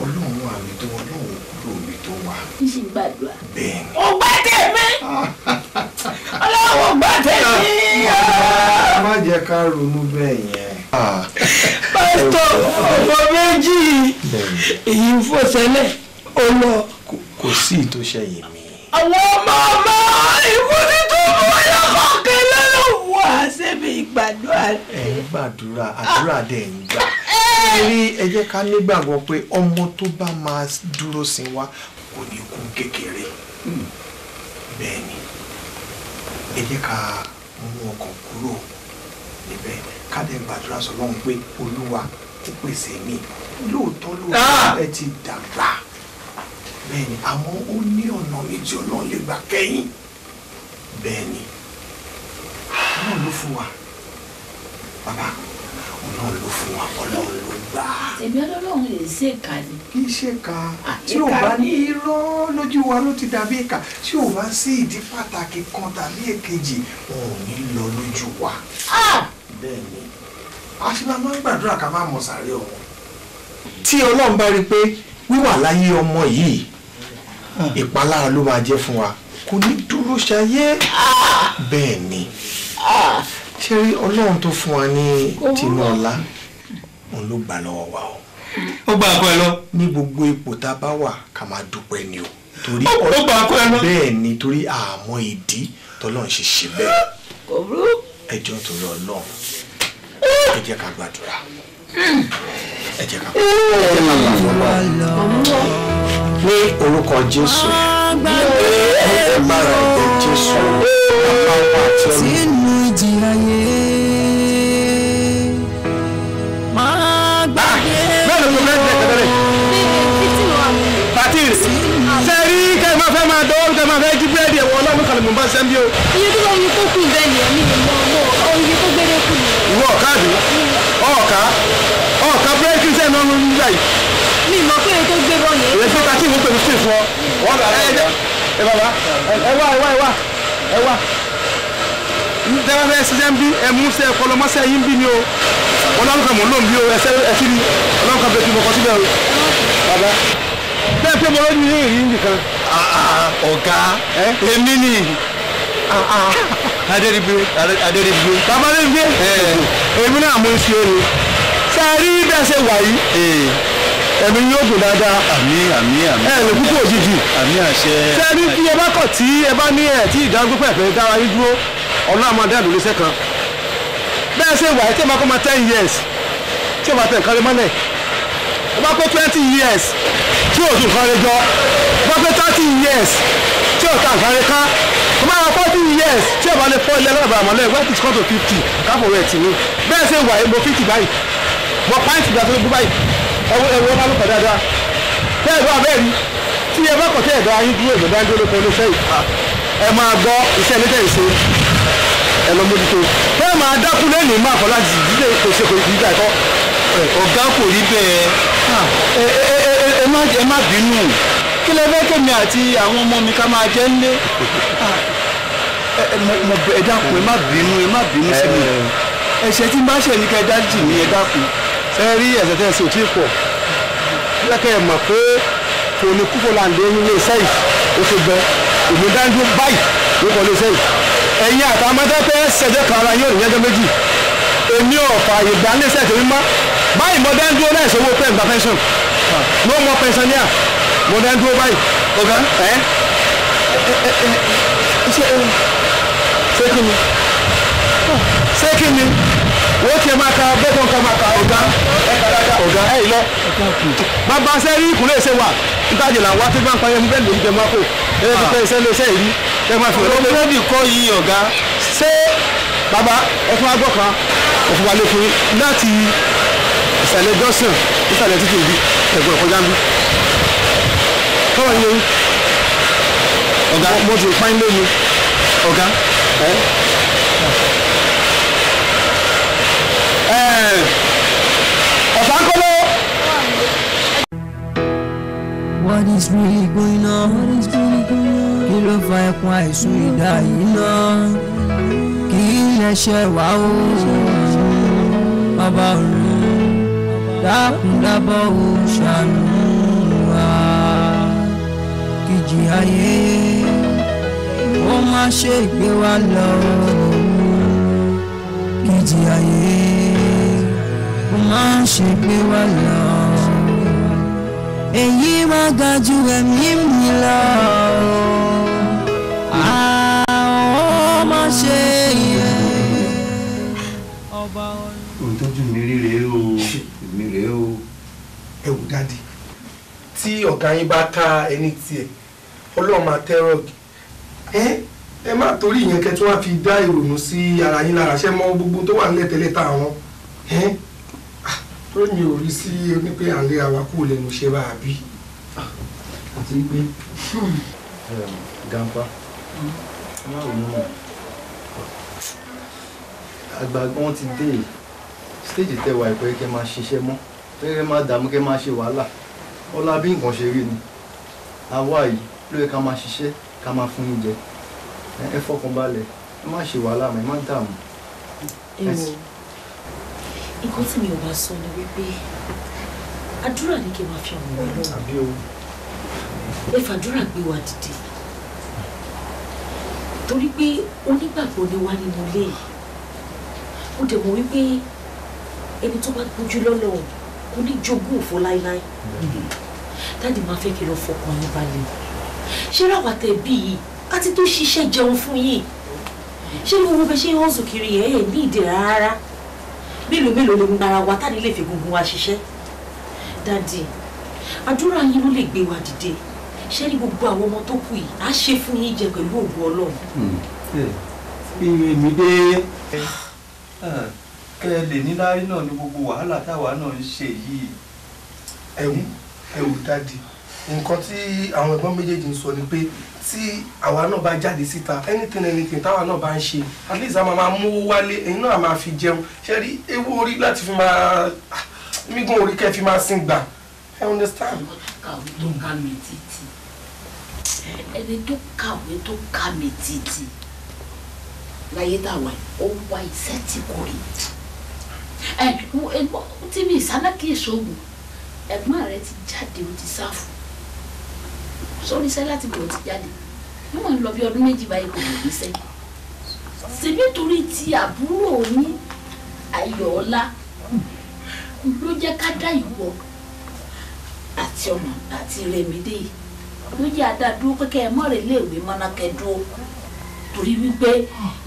ọlọ́run wà mí tó ọlọ́run kúrò mí tó wà. n sì gbàdúrà. bẹ́ẹ̀ni. o gbà tèmi. ọlọ́run gbà tèmi. má jẹ́ ká ronú bẹ́ẹ̀ yẹn. pásítọ̀ ọmọ méjì èyí ń fò sẹ́lẹ̀ ó lọ. kò sí ìtòsẹ́yìn mi. àwọn ọmọ ọmọ ìfúnni. gbàdúrà rẹ. ẹ ń gbàdúrà àdúrà dẹ ń gbà rí ẹ jẹ́ ká nígbàgbọ́ pé ọmọ tó bá máa dúró sí wa kò ní kú kékeré hmm. bẹ́ẹ̀ ni ẹ jẹ́ ká mú ọkàn kúrò níbẹ̀ ká dẹ̀ gbàdúrà sọlọ́run pé olúwa ó pèsè mi lóòótọ́ lóòótọ́ ah! ẹ ti dàgbà bẹ́ẹ̀ ni àmọ́ ó ní ọ̀nà méjì ọlọ́run lè gbà kẹ́yìn bẹ́ẹ̀ ni ọlọ́run ló fún wa bàbá ọlọ́run ló fún wa ọlọ́run ló gbà. èmi ọlọ́run lè ṣe ìka ni. kì í ṣe ìka tí ò bá ní irọ́ lójú wa ló ti dàbí ìka tí ò bá sí ìdí pàtàkì kan tàbí èkejì òun ní lọ lójú wa. bẹ́ẹ̀ ni àṣìlá máa ń gbàdúrà ká máa mọ̀ sáré ọmọ. tí ọlọ́run bá rí i pé wíwà láyé ọmọ yìí ìpalára ló máa jẹ́ fún wa kò ní dúró ṣayé bẹ́ẹ̀ ṣé rí ọlọ́run tó fún wa ní tinú ọlá òun ló gbà lọ́wọ́ wa o. ó gbà àpò ẹ lọ. ní gbogbo ipò tá a bá wà ká máa dúpẹ́ ni o. torí ó gbà àpò ẹ lọ. bẹ́ẹ̀ ni torí àmọ́ ìdí tọ́lọ́run ṣe ṣe bẹ́ẹ̀. kò burú. ẹ jọ̀ọ́ torí ọlọ́run ẹ jẹ́ ká gbàdúrà ẹ jẹ́ ká gbàdúrà ní orúkọ jésù ní agbára ẹ̀jẹ̀ jésù àpapọ̀ àti ọ̀nà méjì láyé. máa gbàgbé ah, o. Fatir sẹ́rí kẹ́ ẹ máa fẹ́ máa dọ́wọ́ kẹ́ ẹ máa fẹ́ jí búrẹ́dì ẹ̀wọ̀n ọlọ́run kan lè mú bá sẹ́ńbí o. iye tó lọ́ọ́ mi tó kù bẹ́ẹ̀ ni ẹ̀mí mi mọ́ ọmọ oye tó gbére kù ni. ìwọ ọ̀ka àbí ọ̀ka ọ̀ka búrẹ́dì sẹ́ẹ̀ náà ló ń yà yìí. mi mọ̀ pé èyí tó gbé bọ́ ni. èyí tó ta tí ìwé pẹ̀lú sí ìfọ. ẹ bàbá ẹ wá ẹ wá ẹ wá ẹ wá tẹ́wọ́ fẹ́ ṣiṣẹ́ ń bí ẹ̀múṣẹ́ kọlọmọ́ṣẹ́ yín bí ni o ọlọ́run kan mò ń lò ń bí o ẹ̀ṣẹ́ ẹ̀ṣí ni ọlọ́run kan bẹ̀ẹ́ fi mọ̀kọ́ síbẹ̀ o bàbá bẹ́ẹ̀ pé mo ló ní ìrírí nìkan. Ah, ọ̀gá èmi ni adéríbi ah, ah. adéríbi. bàbá adéríbi èmi náà mo ń ṣe o sáà rí bẹ́ẹ̀ ṣe wà yìí ẹ̀mí yóò gùn dáadáa. àmín àmín àmín. ẹ lè kúkú òjijì. àmín àṣẹ. sẹ́ni bí ẹ bá kọ̀ tí ẹ bá ní ẹ̀ tí ìdágbó pẹ̀fẹ́ dára yín dúró ọlọ́àmọ́dé àdúrósẹ́ kan bẹ́ẹ̀ ṣe wà ẹ́ tí ẹ bá kọ́ máa ten years tí o bá tẹ̀ nǹkan lé mọ́lẹ̀ ẹ bá kó twenty years tí o tún nǹkan lé jọ ẹ bá kó thirty years tí o ta nǹkan lé ká ẹ bá kó forty years tí o bá lè fọ́ ilé alábàárà mọ́lẹ̀ wẹ́n ti kọ́tò fifty káfọ̀ rẹ̀ tì mí bẹ́ẹ̀ ṣe wà ẹ́ mo fifty báyìí mo pint ìgbà tó gbé báyìí ẹwọ ẹwọ ọba ló kọ dáadáa bẹ́ẹ̀ bá bẹ́ẹ̀ rí tí ẹ bá kọ̀ tẹ́ ẹ̀dá ayé dúró ìgbọ̀dá ń dúró lóko olóṣèlú ẹ máa gbọ́ iṣẹ́ nítorí ṣe ẹ lọ mójútó kẹ́ ẹ máa dákú lẹ́nu máa fọ́ láti dídé kò ṣe kò dídá ẹ̀kọ́. ọ̀gá kò rí bẹ́ẹ̀ ẹ má bínú kí lẹ fẹ́ kẹ́mi àti àwọn ọmọ mi ká máa jẹ́ ńlé ẹ dákun ẹ má bínú ẹ má bínú sí mi ẹ̀ṣẹ̀ tí n bá ṣẹ̀ ní ká ẹ dájì mí ẹ dákun ẹ rí ẹ̀ṣẹ̀ tẹ́ ẹ sì ò tí ì pọ̀ lẹ́kẹ̀ ẹ mọ̀ pé kò ní kúkọ̀ láǹdé nílé iṣẹ́ yìí ó ti gbẹ ìmúdájú báyìí ló kọ́ lé iṣẹ́ yìí ẹ̀yin àtàmọ́tẹ́ fẹ́ ṣẹjọ́ kan ara yín ò ní jẹ́jọ́ méjì èmi ò fà ìgbà níṣẹ́ tèmi mọ́ báyìí mo dá ń dúró láì sọ́wọ́ pẹ́ gba pension no more pensioner mo dá ń dúró báyìí. ọ̀gá ẹ ẹ ẹ ṣe ṣé kí ni ṣé kí ni wọ́n ti máa ka bọ́kàn kan máa ka ọ̀gá ẹ kàdá ọ̀gá ẹ yìí lọ. bàbá sẹ́rí ìkúnlẹ̀ ṣe wà nítàjì làwọn àti gbàǹpá yẹn mú bẹ́ẹ̀ lórí jẹ mọ́kò ẹ fẹ́ fẹ́ iṣẹ́ lé iṣẹ́ yìí ẹ máa fi ọ̀dọ́ lé. olódì kọ́ yìí ọ̀gá. ṣé bàbá ẹ fún wa gbọ́ kan òfin wa lè fún láti ìsàlẹ̀ dọ́sàn ìsàlẹ̀ títí òbí ẹ̀gbọ́n ẹ̀kọ́ jáde. káwọn yẹn ọ̀gá mo ti fain lómi ọ̀gá ẹ̀. What is really going on? What is really going on? Kí ló fa ẹkún àìsùn ìdá yìí náà? Kì í lẹ́ṣẹ̀ wá o. Bàbá ọ̀run dákun dábọ̀ o ṣàánú wa. Kìjì ayé ó má ṣe gbé wa lọ. Kìjì ayé ó má ṣe gbé wa lọ èyí máa ga ju ẹ̀mí mi lọ. àwọn ọmọ ṣe iye. òǹtọ́jú mi rí o mi rèé o. ẹ wò dáàdi tí ọ̀gá yín bá ká ẹni tiẹ̀ ọlọ́run máa tẹ́rọ̀ ẹ ẹ má torí ìyẹn kẹ́ tí wọ́n á fi dá ìrònú sí ara yín lára ṣẹ́ mọ́ gbogbo tó wà nílẹ̀ tẹ́lẹ̀ tá àwọn tó ní òrí sí onípé àlẹ́ àwákù lẹ́nu ṣe bá a bí. àti pé gàǹpa máa wò ó àgbà wọn ti dé stéèjì tẹwàá ìpẹ́ kẹ́ máa ṣiṣẹ́ mọ́ kẹ́ máa dààmú kẹ́ máa ṣe wàhálà ọlá bí nǹkan ṣe rí ni àwa yìí ló yẹ ká máa ṣiṣẹ́ ká máa fún yín jẹ ẹ fọkàn balẹ̀ ẹ má ṣe wàhálà mọ́ ẹ má dààmú nǹkan tí mi ò bá sọ ni wípé àdúrà ni kí n máa fi àwọn ọmọ lọ́wọ́ ẹ fàdúrà gbé wa dìde torí pé onígbàgbọ́ ni wá nínú ilé yìí mo dẹ̀ mọ̀ wípé ẹni tó bá gbójú lọ́lọ́run kò ní jogún òfò láéláé dáàdì máa fẹ́ kí lọ fọkàn yín balẹ̀ ṣé ráwa tẹ bí yìí àti tó ṣiṣẹ́ jẹun fún yín ṣé mo wo bẹ ṣe hàn sùn kiri ní ìdè rárá mélòó mélòó ló ń bára wa tá nílé fi gungun wa ṣiṣẹ́ dádì àdúrà yín ló lè gbé wa dìde ṣé ní gbogbo àwọn ọmọ tó kù yìí á ṣe fún yín jẹ pẹ̀lú òògùn ọlọ́run. Hmm. Eh, iye mi dé ah, kẹ ẹ lè níláárí náà ní gbogbo wàhálà táwa náà ń ṣe yìí ẹ̀wù ẹ̀wù dádì nǹkan tí àwọn ẹ̀gbọ́n méjèèjì ń sọ ni pé tí àwa náà bá jáde síta anything anything táwa náà bá ń ṣe at least a máa máa mówó wálé ẹ̀yin náà a máa fi jẹun ṣe rí ewu orí láti fi máa ah, mígun orí kẹ́ fi máa sin gbà I understand. kàwé tó ká mi títì ẹni tó kàwé tó ká mi títì láyé táwa ó wá iṣẹ́ tí kò rí ẹ tí mi ìsánákì ìṣòwò ẹ̀gbọ́n rẹ ti jáde ó ti sáfù sórí iṣẹ́ láti bọ̀ ti jáde wọ́n mọ̀ ń lọ bí ọdún méjì báyìí kò lè gbéṣẹ́ ṣèbí torí ti àbúrò ní ayọ̀ọ́lá ló jẹ́ ká dá ìwọ àti ọmọ àti rèmídé ló jẹ́ adádúró pé kẹ́ ẹ mọ̀ rẹ̀ léèwé mọ́nákẹ́ dúró torí wípé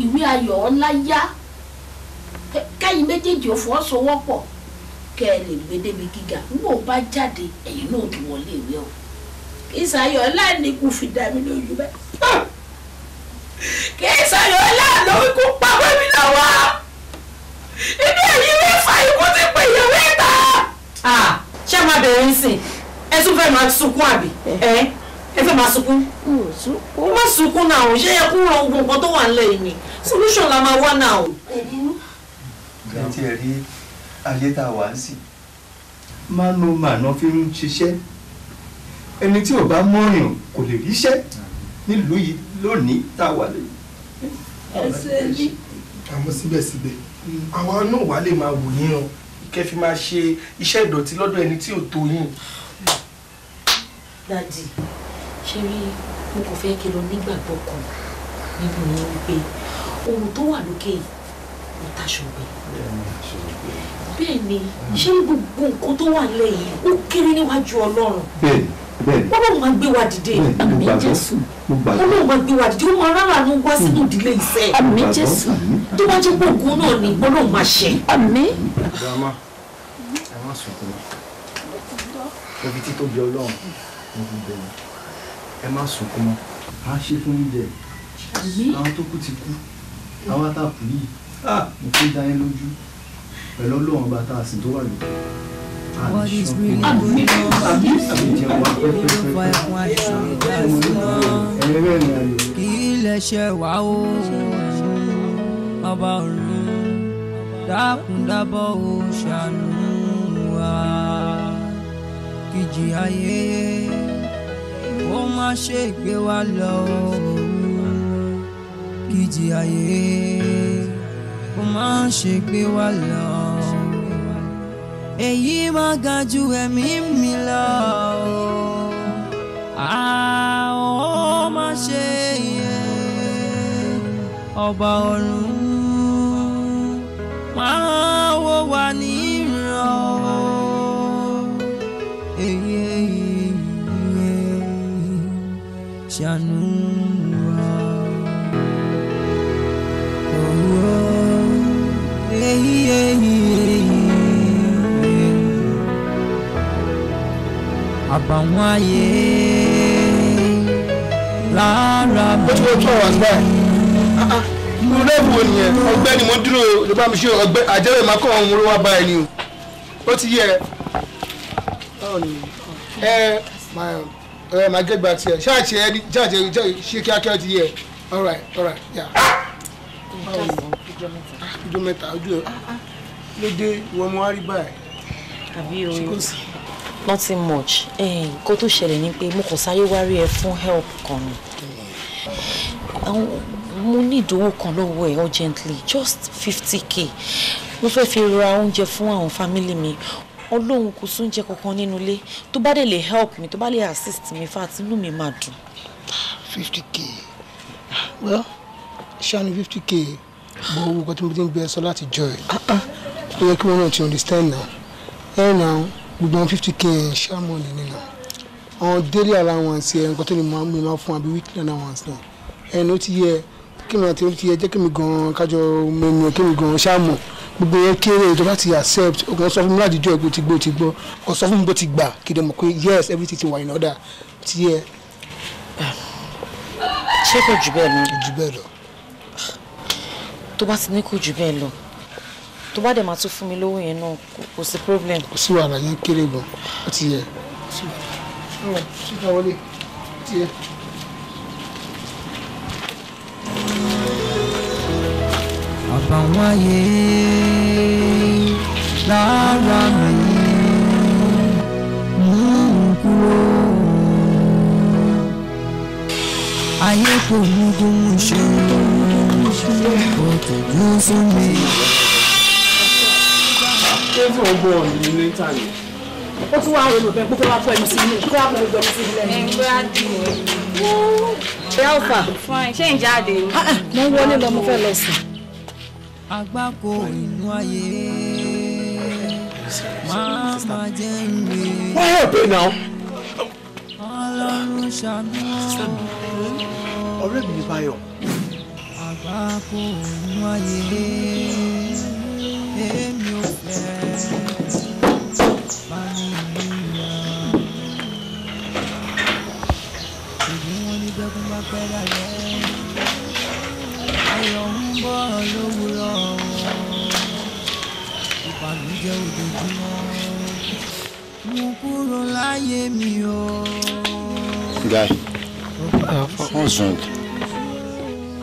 ìwé ayọ̀ọ́lá yá kẹ́yìn méjèèjì ò fọwọ́sowọ́pọ̀ kẹ́ ẹ lè gbé débi gíga nígbà ó bá jáde ẹ̀yìn náà ò tún wọlé ìwé o ìsàyọ̀ láàánú ikú fi dá mi lójú bẹ́ẹ̀ ah! kì í sàyọ̀ láàánú ikú pa mi lọ́wọ́ ibi èyí ló fa ikú ti pè ìyàwó ìta. Ah! ṣé máa bẹ̀rẹ̀ ń sìn ẹ tún fẹ́ máa sunkún àbí ẹ ẹ fẹ́ máa sunkún. ó má sunkún náà ò ṣe yẹ kó ran ogun nǹkan tó wà nílẹ̀ yìí ni solution la máa wá náà o. ẹ rí ayé tá a wà á sí máa ń lo màánà fi ń ṣiṣẹ́ ẹni tí ò bá mọ̀yàn kò lè ríṣẹ́ nílùú yìí lónìí tá a wà lónìí. ẹsẹ̀ ni. àmọ́ síbẹ̀síbẹ̀ àwa náà wà lè máa wò yín o kẹ́ fi máa ṣe iṣẹ́ ìdọ̀tí lọ́dọ̀ ẹni tí ò tó yín. dadi ṣe rí mo kò fẹ́ kí lọ nígbàgbọ́ kan nínú yín wípé ohun tó wà lókè yìí ó tàṣọ gbé bẹ́ẹ̀ ni ṣé gbogbo nǹkan tó wà lẹ́yìn ó kéré níwájú ọlọ́run. bẹ́ẹ̀ bẹ́ẹ̀ ọlọ́run máa gbé wa dìde àmì jésù ọlọ́run máa gbé wa dìde ó máa rárá ló wá sínú ìdílé ìfẹ́ àmì jésù tó bá jẹ́ gbogbo náà ni ọlọ́run máa ṣe. àmì. dama ẹ má sunkún mọ́ ibi tító bí ọlọ́run mo fi bẹ̀rẹ̀ ẹ má sunkún mọ́ a ṣe fún oúnjẹ àwọn tó kù ti kú àwọn àtàkùn yìí ah, mo fi dá yín lójú pẹ̀lú ọlọ́run ọba tá a sìn tó wà lókè. What is really going on? Ìlú fa ẹ̀kún aṣọ ìdásí náà. Kì ọba ọ̀run, dákun dábọ̀ ṣàánú wa. Kìjì ayé, ó má ṣe gbé wa lọ. Kìjì ayé kò má ṣe gbé wa lọ. èyí má ga ju ẹ̀mí mi lọ. àwọn má ṣe yẹ ọba ọ̀run. àbàwọ́n ayé lára mi. ó ti wọ́n tún ọ̀rọ̀ àti báyìí ah, ah. irú lẹ́bù wo nìyẹn ọgbẹ́ ni mo ń dúró ìjọba mi ṣe ọgbẹ́ àjẹwẹ̀ máa kọ́ ọ̀hún ló wá báyìí ni o ó ti yẹ ẹ ẹ máa gẹ́gbà tiẹ̀ ṣáàtì ẹ ní ṣáàtì ẹ ṣe kíákíá ti yẹ all right all right yà. ọjọ́ ah, mẹ́ta ọjọ́ mẹ́ta ojú ẹ ló dé ìwọ ọmọ wa rí báyìí. àbí o nothing much eh, nǹkan tó ṣẹlẹ̀ ni pé mo kàn sáré wá rí ẹ fún help kan ni mo ní ìdówó kan lọ́wọ́ ẹ̀ urgently just fifty k mo fẹ́ fi ra oúnjẹ fún àwọn family. mi ọlọ́run kò sóúnjẹ kankan nínú ilé tó bá dẹ̀ lè help mi tó bá lè assist mi fa àti inú mi máa dùn. fifty k well ṣáà ni fifty k bọ̀ owó kan tí mo ti ń gbé ẹ sọ láti jọ ẹ. Ah, ah ó yẹ kí wọ́n náà ti understand now ẹ̀ now gbogbo wọn fifty k ẹ̀ ṣàmùlẹ̀ ni now àwọn daily allowance ẹ̀ nǹkan tó lè máa mi máa fún àbí weekly allowance náà ẹ̀ ní ó ti yẹ kí ni àti ó ti yẹ jẹ́ kí mi gan-an kájọ mẹ́nu ẹ̀ kí mi gan-an ṣàmù gbogbo yẹn kéré tó bá ti accept ọkàn sọ fún mi láti jọ ẹgbẹ́ ti gbọ́ ti gbọ́ ọkàn sọ fún mi bó ti gbà kí dẹ̀ mọ̀ pé yes everything ti wà in order ti yẹ. ṣé kò jù bẹ́ẹ̀ lọ. jù bẹ́ẹ̀ lọ. tó bá ti ní kò jù bẹ́ẹ̀ lọ tó bá dẹ̀ máa tún fún mi lówó yẹn náà kò sí problem. kò sí wàhálà yẹn kéré gan ó ti yẹ ó sì lára mi mú un ayé kò mú kó mú ṣe kò tó dúró fún ṣé fún ọgbọ́n ọ̀nì ní tàní. ó tún wá àwọn olùfẹ́ kó fẹ́ wá pọ̀ ẹ̀mí sí ilé kó wá pọ̀ gbogbo ẹ̀mí sí ilé. ẹ̀ ń gbé àdìmọ̀ ẹ̀. alfa. fine ṣé ń jáde. mo ń wọlé lọ mo fẹ́ lọ sùn. àgbákò inú wọ́n yóò pè náà. ọ̀rẹ́ mi ní báyọ̀. àgbákò inú ayé Guy, what's wrong?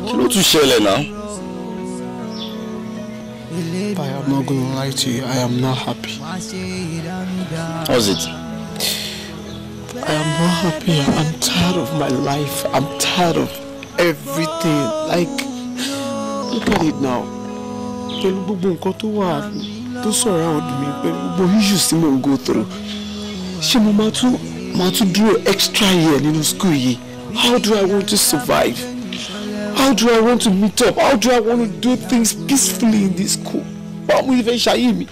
Kí ló tún ṣẹlẹ̀ If I am not going to lie to you, I am not happy. How's it? I am not happy. I'm tired of my life. I'm tired of everything. Like, look at it now. Pẹ̀lú gbogbo nǹkan tó wà tó sọ̀rọ̀ me, ọdún mi pẹ̀lú gbogbo yíyù go through. She mo máa tún máa extra year nínú school yìí? How do I want to survive? How do I want to meet up? How do I want to do things peacefully in this school? Báwo mo fẹ́ ṣayé mi?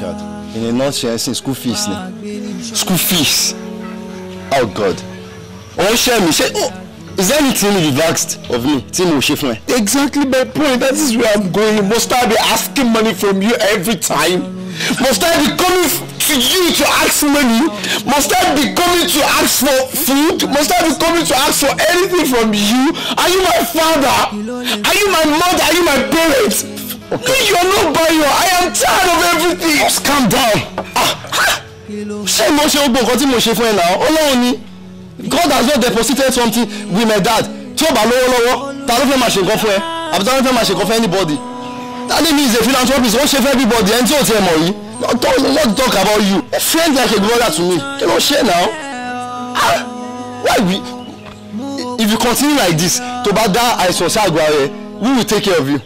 God, in a nutshell, ṣe school fees ni. School fees? Oh God. Ọ̀hún ṣe mi ṣe oh, is there anything you asked of me tí mo ṣe fún ẹ. Exactly my point that is where I'm going must I be asking money from you every time. Must I be coming to you to ask money? Must I be coming to ask for food? Must I be coming to ask for anything from you? Are you my father? Are you my mother? Are you my parents? Okay. You are not by your. I am tired of everything. Just calm down. Ah, Ṣé mo ṣe gbogbo nǹkan tí mo ṣe fún ẹ náà? Ọlọ́run ni God has not deposited something with my dad. Tí ó bá lówó lọ́wọ́, ta ló fẹ́ máa ṣe nǹkan fún ẹ? Àbí ta ló fẹ́ máa ṣe nǹkan fún anybody? Ademi means a philanthropist wọ́n share fẹ́ everybody and tí tell tiẹ̀ mọ̀ yìí not talk about you a friend like a brother to me kí ló ṣe now ah why we if you continue like this tó bá dá àìsàn sí àgọ́ ara ẹ we will take care of you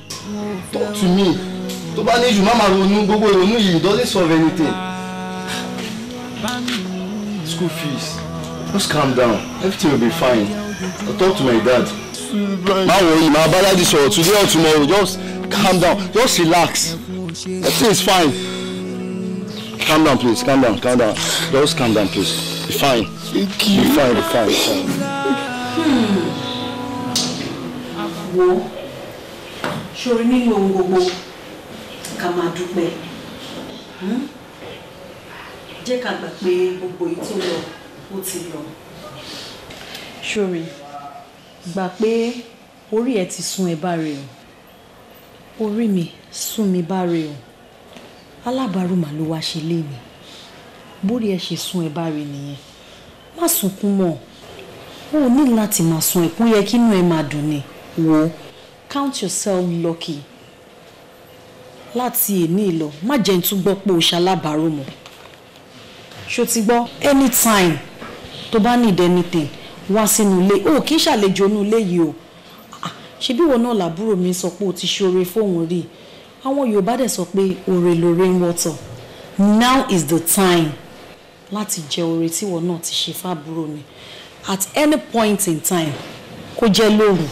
talk to me tó bá ní jù má máa ronú gbogbo ìrònú doesn't solve anything school fees just calm down everything will be fine I'll talk to my dad má worry. My brother dáàdi sọ̀rọ̀ today or tomorrow just. Calm down. Just relax. Everything is fine. Calm down, please. Calm down. Calm down. Just calm down, please. Be fine. Thank Be fine. Be fine. Be fine. Wo ṣorí nínú ohun gbogbo ká máa dúpẹ́. Hmm? Jẹ́ ká gbà pé gbogbo èyí tó lọ ti sun ẹ bá rẹ o orí mi sún mi bá re o alábàárù mà ló wá ṣe lé mi bórí ẹ ṣe sún ẹ bá nìyẹn má sunkún mọ́ o ò ní láti máa sun ẹkún yẹ kínú ẹ máa dùn ni wò count yourself lucky láti èní lọ má jẹ́ ń tún gbọ́ pé o ṣalábàárò mọ́ ṣó ti gbọ́ anytime tó bá need anything wá sínú ilé o kì í ṣàlejò inú ilé yìí o ṣebí ìwọ náà làbúrò mi sọ pé o ti ṣoore fóun rí àwọn Yorùbá dẹ̀ sọ pé oore lóore ń wọ́tọ̀ now is the time láti jẹ oore tí ìwọ náà ti ṣe fábúrò mi at any point in time kó jẹ́ lóru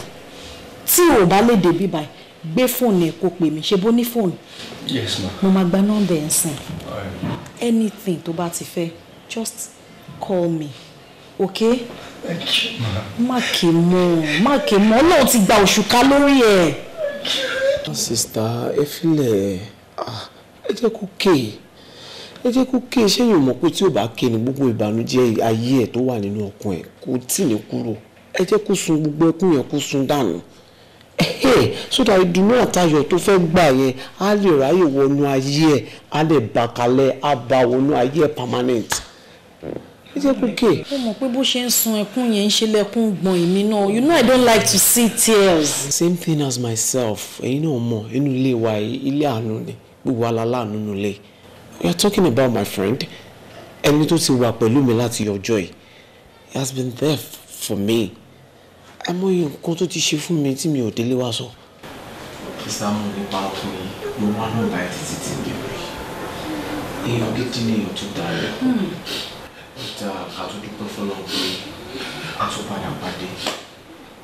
tí ò bá lè débi báyìí gbé fóònù ẹ kó pè mí ṣe bó ní fóònù. yes ma. mo máa gba nọ́mbà ẹ̀ ń sìn. anything tó bá ti fẹ́ just call me òkè má ké mọ́ má ké mọ́ ọlọ́run ti gba òṣùká lórí ẹ̀. sista efilẹ ah, ẹ jẹ́ kó ké ẹ jẹ́ kó ké sẹ́yìn mọ̀ pé tí ò bá ké ni gbogbo ìbànújẹ́ ayé ẹ̀ tó wà nínú ọkàn ẹ̀ kó tì ní kúrò ẹ jẹ́ kó sun gbogbo ẹkún yẹn kó sun dànù sódà ìdùnnú àtayọ̀ tó fẹ́ gbà yẹn á lè ráyè wọnú ayé ẹ̀ á lè bàkalẹ̀ á bá wọnú ayé ẹ̀ permanent ó jẹ́ kó gé. ó mọ̀ pé bó ṣe ń sun ẹkún yẹn ń ṣe lẹ́kún gbọ̀n èmi náà you know I don't like to see tears. same thing as myself ẹ̀yin náà mọ̀ inú ilé wa ilé àánú ni gbogbo alaláàánú nulẹ̀ you are talking about my friend ẹni tó ti wà pẹ̀lú mi láti ọjọ́ yìí he has been there for me àmọye nǹkan tó ti ṣe fún mi tí mi ò délé wá sọ. kìsà mú mi bá kú yìí náà láì títí tí èèyàn gidi ni èèyàn tó dára. Hmm sísítà àtúndúpẹ́ fọlọ́ pé a tún padà pàdé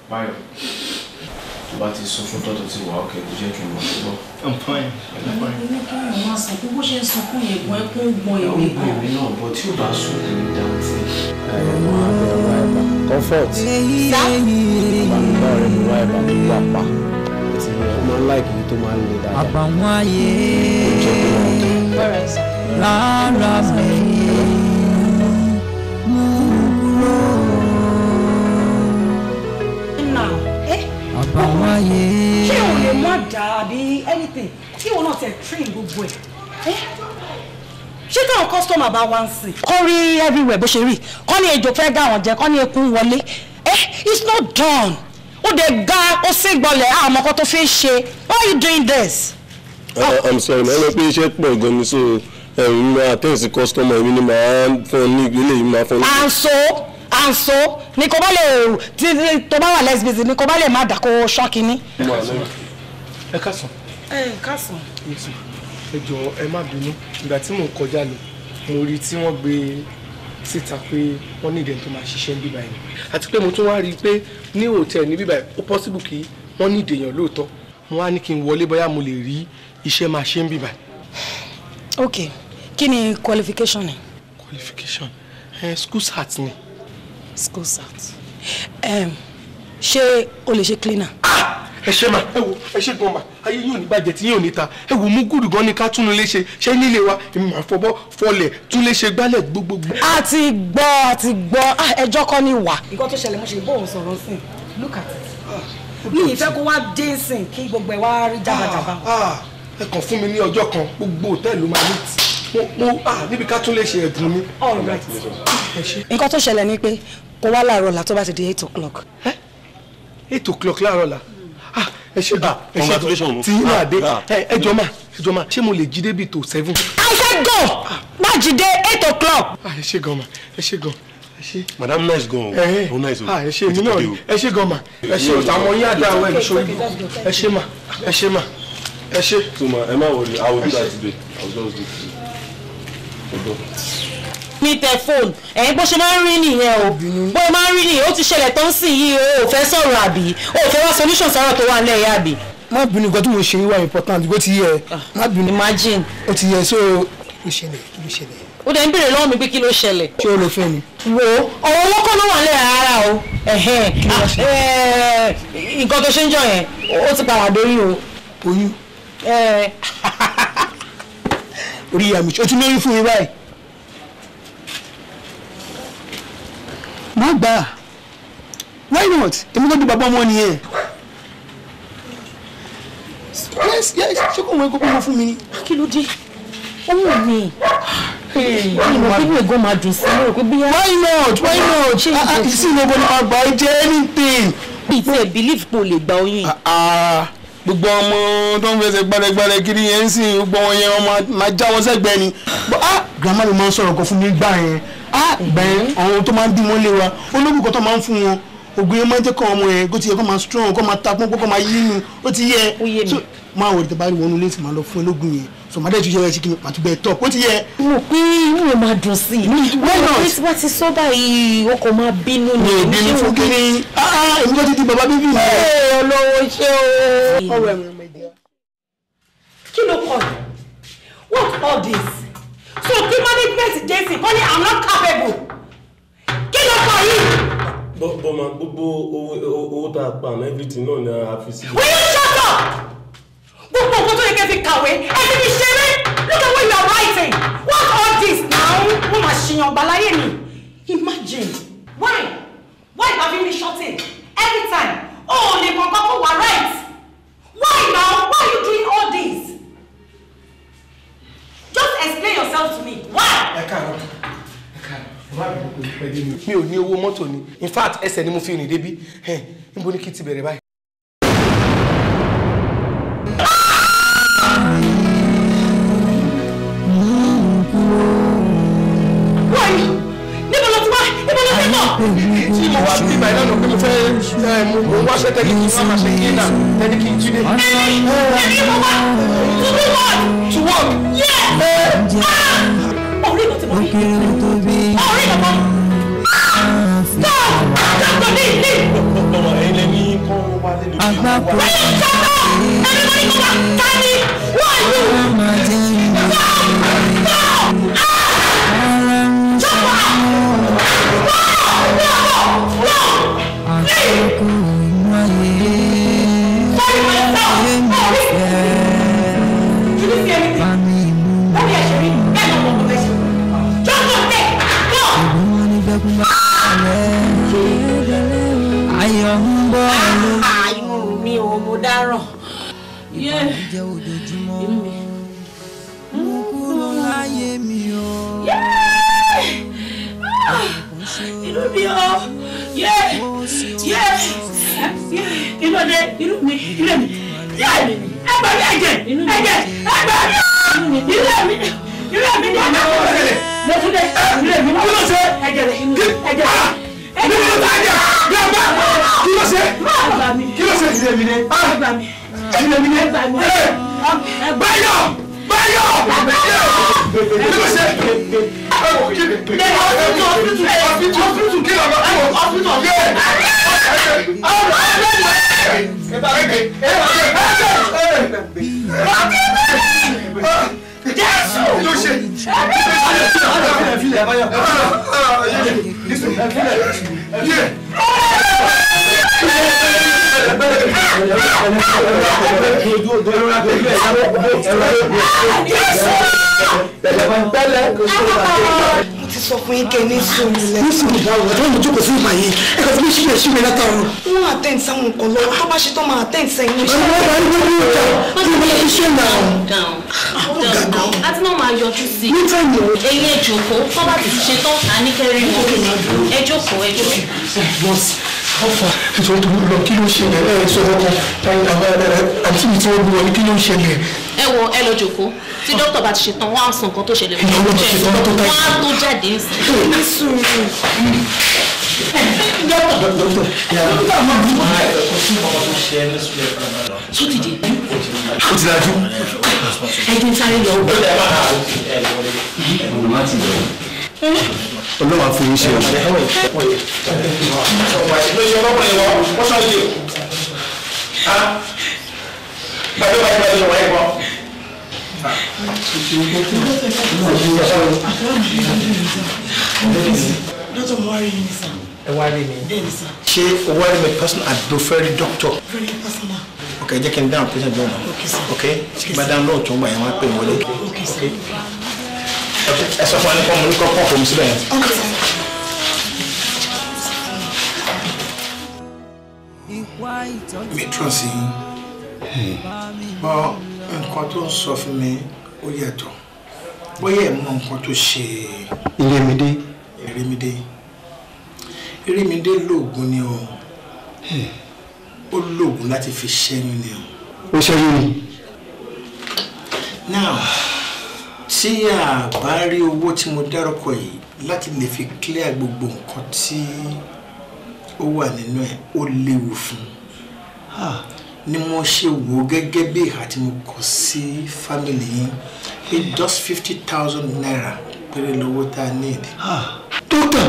báyọ̀ tó bá ti sọ fún tọ́tọ̀ tí wà ó kẹ́ jẹ́ kí n mọ̀ síbọ̀. inú kí ni wọ́n náà bọ tí ò bá sùn kò ní dáhùn sí. comfort ìbára ìwà máa ń láìpẹ́ tó máa ń le dáadáa. àbàwọ́n ayé lára mi. àwọn ayé. ṣé o lè má dà àbí anything kí wọn náà tẹ train gbogbo ẹ ṣé táwọn kọ́sítọ́mà bá wá ń sìn. kọ́ rí everywhere bó ṣe rí kọ́ ni ejò fẹ́ gà wọ́n jẹ kọ́ ni eku wọlé eh it's not done ó dé ga ó sì gbọ́lẹ̀ àmọ́ kó tó fi ṣe why are you doing this. Uh, ah. i'm sorry ma ẹ lọ pé iṣẹ́ pọ̀ gan ni so ẹ̀rù eh, mi máa tẹ̀sí kọ́sítọ́mà mi ni màá fún ní ilé yìí máa fún ní. and so and so ni kò bá lè tí tó bá wà less busy ni kò ma lè má dàkó ṣán kínní. ẹ kásán. ẹ kásán. ẹ jọ̀ọ́ ẹ má bínú ìgbà tí mò ń kọjá lọ mo rí tí wọ́n gbé síta pé wọ́n ní ìdẹ́n tó máa ṣiṣẹ́ ní bíbáyìí àti pé mo tún wá rí i ni ní hòtẹ́ẹ̀ ní bíbáyìí ó possible kí wọ́n ní ìdèyàn lóòótọ́ mo wá ní kí n wọlé bóyá mo lè rí iṣẹ́ máa ṣe ní bíbáyìí. ok kí qualification ni. qualification eh, school cert ni school start ṣé o lè ṣe cleaner. Ah! ẹ ṣe ma ẹ wo ẹ ṣe gan ma ayé yóò ní bàjẹ́ tí yóò ní ta ẹ wo mú gùdù gan ni ká tún lè ṣe ṣé nílé wa èmi máa fọbọ́ fọlẹ̀ tún lè ṣe gbálẹ̀ gbogbogbò. a ti gbọ́ a ti gbọ́ ẹjọ́ kọ́ ni wà. nǹkan tó ṣẹlẹ̀ mo ṣe bóun sọ̀rọ̀ sí i look at it ah, mi ì fẹ́ kó wá dé sìn kí gbogbo ẹ̀ wá rí jábàjábà. Ah, ẹ kàn fún mi ní ọjọ́ kan gbogbo òtẹ́ẹ̀lì máa ní tì mo mo níbi ká tún lè ṣe ẹ̀dùn mi. nǹkan tó ṣẹlẹ̀ ni pé kó wá láàárọ̀ là tó bá ti di eight o'clock. eight o'clock láàárọ̀ là ah, ẹ ṣe bá ah, ẹ ṣe bá tí yín àdé ah, ẹ jọ máa ẹ jọ máa ṣé mo lè jí débi tó seven. i say go má jí eight o'clock. ẹ ṣe gan ma ẹ ṣe gan ẹ ṣe. madam nice gan o o oh, nice o. ẹ ṣe mi náà ẹ ṣe gan ma ẹ ṣe ọ̀tá àwọn yín àdá àwọn ẹ̀ṣọ́ ẹ ṣe ma ẹ ṣe ma ẹ ṣe. tó ẹ má wọlé i will do that today i will just ní tẹ fóònù ẹ̀yin bó ṣe máa ń rí nìyẹn o bó ṣe máa ń rí nìyẹn ó ti ṣẹlẹ̀ tó ń sìn yìí o ò fẹ́ sọ̀rọ̀ àbí o ò fẹ́ wá solution sọ̀rọ̀ tó wà ń lẹ́yìn àbí. má bínú nǹkan tí mo ṣe wá important bó ti yẹ ah, má bínú. imagine. ó ti yẹ so ó ṣẹlẹ̀ ó ṣẹlẹ̀ ó dẹ̀ ń béèrè lọ́wọ́ mi pé kí ló ṣẹlẹ̀. ṣé o lè fẹ́ ni. wo ọ̀rọ̀ owó kọ́ ló wà nílẹ̀ rárá o ah, eh, nǹkan tó ṣe ń jọ yẹn ó ti padà dórí o. oyún. Eh. orí ìyá mi tún lóyún fún mi báyìí. má gbà why not èmi kò di bàbá ọmọ nìyẹn yes yes ṣé kò wọ́n ẹgbẹ́ kó mọ fún mi ni. kí ló dé owó mi ìmọ̀ kí ni ègò máa dùn sí mi rò pé bíyà. why not why not ìsìn ìlú ọgbọ́n máa gbà ẹ jẹ́ anything. ìtì ẹ̀ believe pé o lè gba oyún yìí ah, ah, gbogbo ọmọ tó ń fẹsẹ̀ gbàdẹ́gbàdẹ́ kiri yẹn ń sìn gbogbo wọn yẹn wọn máa já wọn ni. Ah, grandma mi máa ń sọ̀rọ̀ kan fún mi gbà yẹn Ah, bẹ́ẹ̀ àwọn tó máa ń bímọ lé wa olóògùn tó máa ń fún wọn ògùn yẹn máa ń jẹ́ kọ́ ọmọ yẹn kó ti yẹ kó máa strong kó máa takún kó máa yí inú ó ti yẹ so máa wọ̀ ìtẹ̀bá wọnú lé sí máa lọ fún olóògùn yẹn so màdé ìtújọ rẹ ti kí mi pàtó bẹ́ẹ̀ tọ̀ kó ti yẹ. mo pé inú ẹ máa dùn sí i wọ́n ti wá ti sọ báyìí o kò máa bínú ni ah, ah, èmi ṣe wọ́n kí èmi kò ti di bàbá bíbí mi. ee olówó ṣé o. kí ló kọ́ you what all this tí o ti management jẹ́sì kọ́ ni i'm not capable kí ló kọ yìí. bọ́ ma gbogbo owó tá a pa àmọ́ everything náà ni a fi sí. will you shut up gbogbo nǹkan tó yẹ kẹ́ fi kàwé ẹ ti fi ṣeré look at what you are writing what all this now wọ́n máa ṣìyàn ọ̀gbàláyé mi imagine why why have you been shouting every time oh lè kọ̀ọ̀kan fún wa right why now why you doing all this explain yourself to me why. ẹ káàárọ̀ ẹ káàárọ̀ mi ò ní owó mọ́tò ni in fact ẹsẹ̀ ni mo fi rìn débi níbo ni kí n ti bẹ̀rẹ̀ báyìí. ẹ mú kó wá ṣe tẹni kí n wá máa ṣe yín náà tẹni kí n jí dé. to work. ọ̀rẹ́ ah. mi ti mọ̀ ah. ní yé yé kí ló dé inú mi ilé mi yé ẹ gbà mí ẹ̀jẹ̀ ẹ̀jẹ̀ ẹ gbà mí ilé mi ilé mi ní ọmọ ọmọ rẹ mo tún dé ilé mi wọn lọ ṣe ẹ̀jẹ̀ rẹ ẹ̀jẹ̀ rẹ. Ibi ló ta jẹ? Yọ bá kí ló ṣe? Kí ló ṣe? Ilé mi ni. Ilé mi ni. Ẹ gbà mí. Ẹ gbà mí. ìjà báyọ̀. Bẹ́lẹ̀ bẹ́lẹ̀ ti sọ fún yín kẹ́ ní sùúrù lẹ́yìn. ní sùúrù báwo ọ̀dọ́ mi jókòó sí ìgbà yìí ẹ kàn fún mi ṣíbẹ̀ ṣíbẹ̀ látàrọ. wọ́n àtẹ̀ǹtì sáwọn nǹkan lọ tó bá ṣe tó máa àtẹ̀ǹtì sẹ́yìn iṣẹ́. àwọn ọmọ ẹgbẹ́ mi ò kí wọ́n fi ṣe náà. àwọn gàgà. a ti náà máa yọjú sí i. níta ìlú. eyín ẹ tó bá ti ṣe tán àníkẹ́rì wọn. ọfà ìṣòro tó lọ kí ló ṣẹlẹ̀ ẹ sọ ọkọ àti ìṣòro tó lọ kí ló ṣẹlẹ̀. ẹ wo ẹ lọ jókòó tí dókítà bá ti ṣe tán wọ́n á sọ nǹkan tó ṣẹlẹ̀ wọ́n á tó jáde ní sùúrù. dókítà dókítà máa ń bọ̀ ẹ́ kó tí mo máa ń ṣe ẹ́ ní sùúrù ẹ̀ fún mi. tó ti dé ó ti dájú. ẹ jẹ́ sáré lọ wọ́n. olóòwò àfọyín ṣe o. Bàbá bàbá ìwà ẹ̀gbọ́n dókítà mo wá rí yín sàn. ẹ wá rí mi. bẹ́ẹ̀ni sàn. ṣé o wá rí mi personal àdó fẹ́rí dókítà. fẹ́rí personal. ok jẹ́ kí n dáhùn patient náà. ok sàn. ok tí bá dáhùn lóòótọ́ gbà yẹn wá pè wọlé. ok sàn. ẹ sọ fún wa nípa mo ní mi síbẹ̀ yẹn. mi trust yín. bọ́ọ̀ nǹkan tó ń sọ fún mi ó yàtọ̀ bóyá ẹ̀ mọ nǹkan tó ṣe. ìrèmídé. ìrèmídé ìrèmídé lóògùn ni o hmm. ó lóògùn láti fi ṣẹ́yún ni o. ó ṣẹ́yún ni. now tí a bá rí owó tí mo dárúkọ yìí láti lè fi clear gbogbo nǹkan tí ó wà nínú ẹ̀ ó léwu fún ni wọ́n ṣe wò gẹ́gẹ́ bí ìhà mo kọ sí fámìlì yín pé just fifty thousand naira péré lówó tá a need. dókítà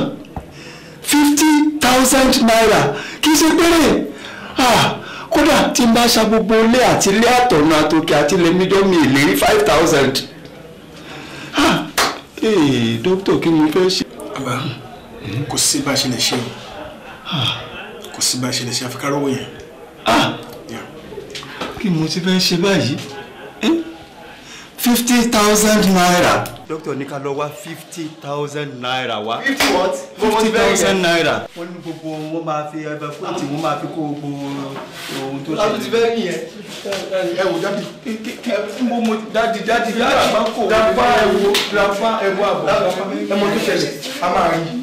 fifty thousand naira kì í ṣe péré kódà tí n bá ṣa gbogbo ilé àti ilé àtọ̀nà àtòkè àti ilé mídíọ́ mi ìlérí five thousand. dókítà kí ni mo fẹ́ ṣe. àbá kò sí bá a ṣe lè ṣe o kò sí bá a ṣe lè ṣe àfikárọ̀wò yẹn kí mo ti fẹ́ ṣe báyìí fifty thousand naira. Doctor, ní ká lọ wá fifty thousand naira wá. fifty what. fifty thousand naira. wọ́n ní gbogbo wọn máa fi ẹbẹ fúlọ̀tì wọn máa fi kó gbogbo ohun tó ṣe. láti ti bẹ́ẹ̀ yẹn ẹ wò dáàdì. mo mo dáàdì dáàdì dáàdì máa kó. dáàbà ẹ̀wò dáàbà ẹ̀wò àbọ̀ ẹ̀mọ tó ṣẹlẹ̀ a máa rí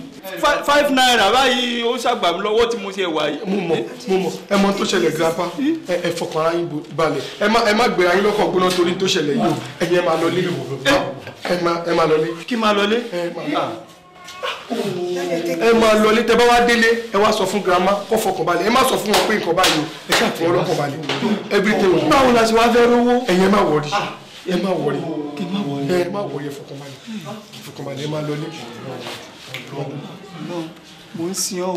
five naira báyìí ó ṣàgbà mí lọ́wọ́ tí mo ṣe wà yìí. mo mọ mo mọ ẹ mọ tó ṣẹlẹ̀ grandpa ẹ fọkàn ara yín balẹ̀ ẹ má ẹ má gbéra yín lọ́kàn gbóná torí tó ṣẹlẹ̀ yìí o ẹ̀yin ẹ máa lọ lé ẹ máa lọ lé. kí máa lọ lé ẹ máa lọ ní tẹ́bá wá délé ẹ wá sọ fún girama kó fọkàn balẹ̀ ẹ má sọ fún wọn pé nǹkan báyìí o ẹ ká fún ọlọ́kàn balẹ̀ everything o. báwo la ṣe wá fẹ́ rówó. ẹ̀yin ẹ má wọrí ah. ẹ má wọrí ẹ má wọrí ẹ fọkàn balẹ̀ ẹ má lọ ní mo ń sin ọ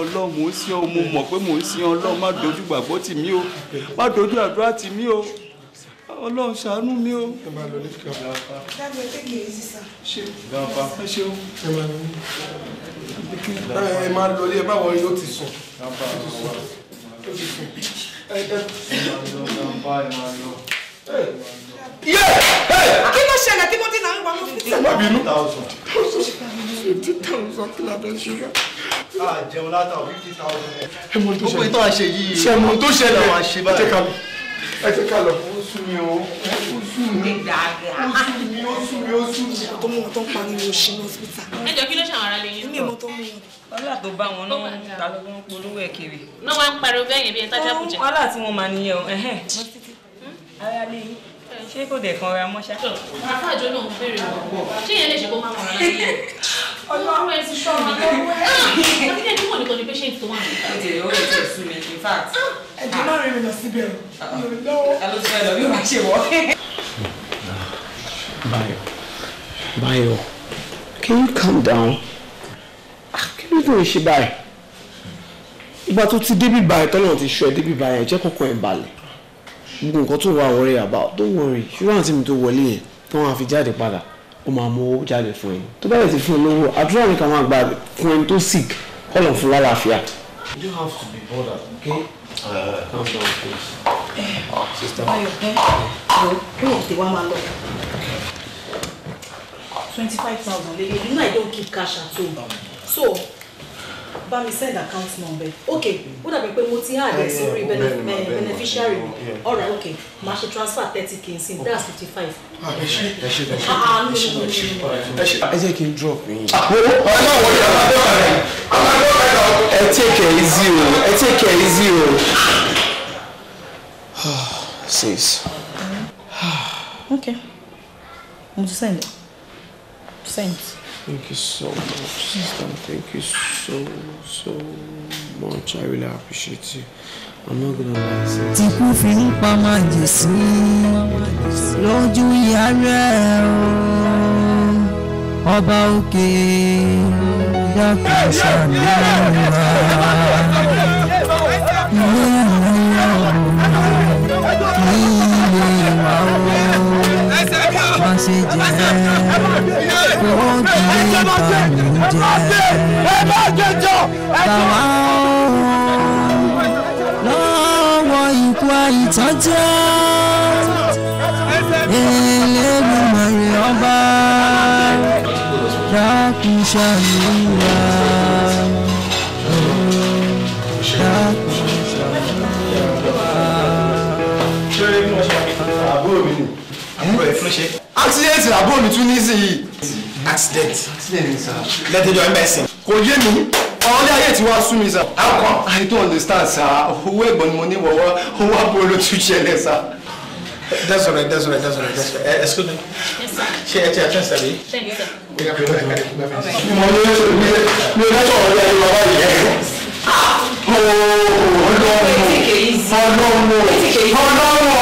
ọlọ́run mo ń sin ọ mo mọ̀ pé mo ń sin ọlọ́run má dojú gbàgbọ́ tì mí o má dojú àdúrà tì mí o ọlọ́run ṣàánú mi o. ẹ máa lọ lẹ́kọ̀ọ́. ẹ ṣeun. ẹ ti sùn. ẹ máa lọ ẹ máa lọ kí ló ṣẹlẹ̀ tí mo ti nà ń wọnú fífi. má bínú. fifty thousand kí la fẹ́ ṣe rẹ̀. a jẹun látàwọn fifty thousand. ẹ mọ tó ṣẹlẹ̀ gbogbo ìtàn àṣẹ yìí. ṣe mọ tó ṣẹlẹ̀ wọn àṣẹ báyìí. ẹ jẹ́ ká lọ ẹ jẹ́ ká lọ. ó sú mi o ó sú mi ó sú mi ó sú mi ó sú mi. ọmọ wọn tó ń pariwo ṣe ní hospital. ẹ jọ kí ló ṣàwọn ará lè yín. mi ò mọ tó mú wọn wàhálà tó bá wọn náà ta ló ń polówó ẹ kiri. náà wá ń pariwo bẹ́ẹ̀ yẹn bí ẹ tájà bùjẹ. wàhálà tí wọ́n máa nìyẹn o. ara lè yín ṣé kò dẹ̀ kan ra mọ́ṣá. àfa àjọ náà ń bèrè wọ̀ ṣé ìyẹn lè ṣe kó má mọ̀ rárá sílẹ̀. ọlọ́run ti sọ mi lọ́wọ́ tí mò ń kọ́ ni patient tó wà ní. ó ti ó ti tẹ̀ sú mi in fact. Ah! ẹ̀jẹ̀ náà rí mi lọ síbẹ̀ o ah. mi ò lọ́wọ́. ta ló ti fẹ́ lọ bí wàá ṣe wọ́. can you calm down? Ah, kí ló dé ìṣe báyìí? ìgbà tó ti débí báyìí tọ́lọ́ ti ṣọ ẹ débí báyìí ẹ jẹ́ kọ́kọ́ ẹ̀ balẹ̀ gbogbo nǹkan tó wà worry about don't worry ṣùgbọ́n àti mi tó wọlé yẹn tó wọn àfi jáde padà ó máa mú owó jáde fún yín tó bẹ̀rẹ̀ sí fún un lówó àdúrà mi kàn máa gbà fún ẹni tó sick kọ́ lọ́n fún lálàáfíà. you have to be bothered okay. Uh, calm down please. sister. ayo ẹ ọ kí wọn ti wá máa twenty five thousand lè yẹ you I don't keep cash at home so bá mi send account number ok ó dàbí pé mo ti hàn àdé sórí beneficiary alright ok màá ṣe transfer thirty k n sin that's fifty five. Ah, ẹ ṣe ẹ ṣe ẹ ṣe ẹ jẹ́ kí n drop yín. àpòwò ah, ọ̀nà wo ni àwọn àdó rẹ̀ àwọn ẹ take it easy o ẹ take it easy o. sis. Okay. mo ti send send. Thank you so much, sister. Thank you so, so much. I really appreciate you. I'm not gonna lie. Tìkú fi ń pa máa jẹ sí lójú ìyá rẹ̀ o. Ọba òkè yàtọ̀ ṣàmì ìwà. má ṣe jẹ owó kì í lọ́wọ́ ikú àìtọ́jẹ́ Elédùmarè ọba dákun ṣàánú wa. àbúrò accident àbúrò mi tún ní sí i. accident lẹ́tẹ̀jọ́ ẹ̀ mẹ́sìn. kò yé mi ọ̀rọ̀lẹ́ ayé tí wàá sún mi sir. how come. i don't understand sir. owó ẹ̀gbọ́n ni mo ní wọ́wọ́ owó àbúrò ló tún ṣẹlẹ̀ that's all right that's all right that's all right that's all right excuse me. Yes, ṣe ẹ ti àtúnṣe sàbí. mi ò lẹ́sọ̀ mi ò lẹ́sọ̀ ọ̀rẹ́ ayé wa wáyé yẹn. ọlọ́run ọlọ́run ọlọ́run.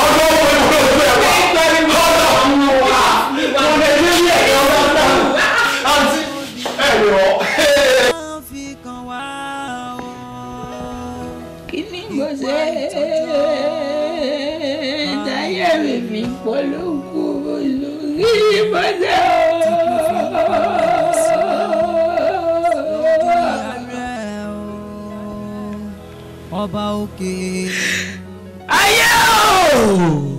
mi polongo sórí ìmọ́lẹ̀ o. ọba òkè. ayé o.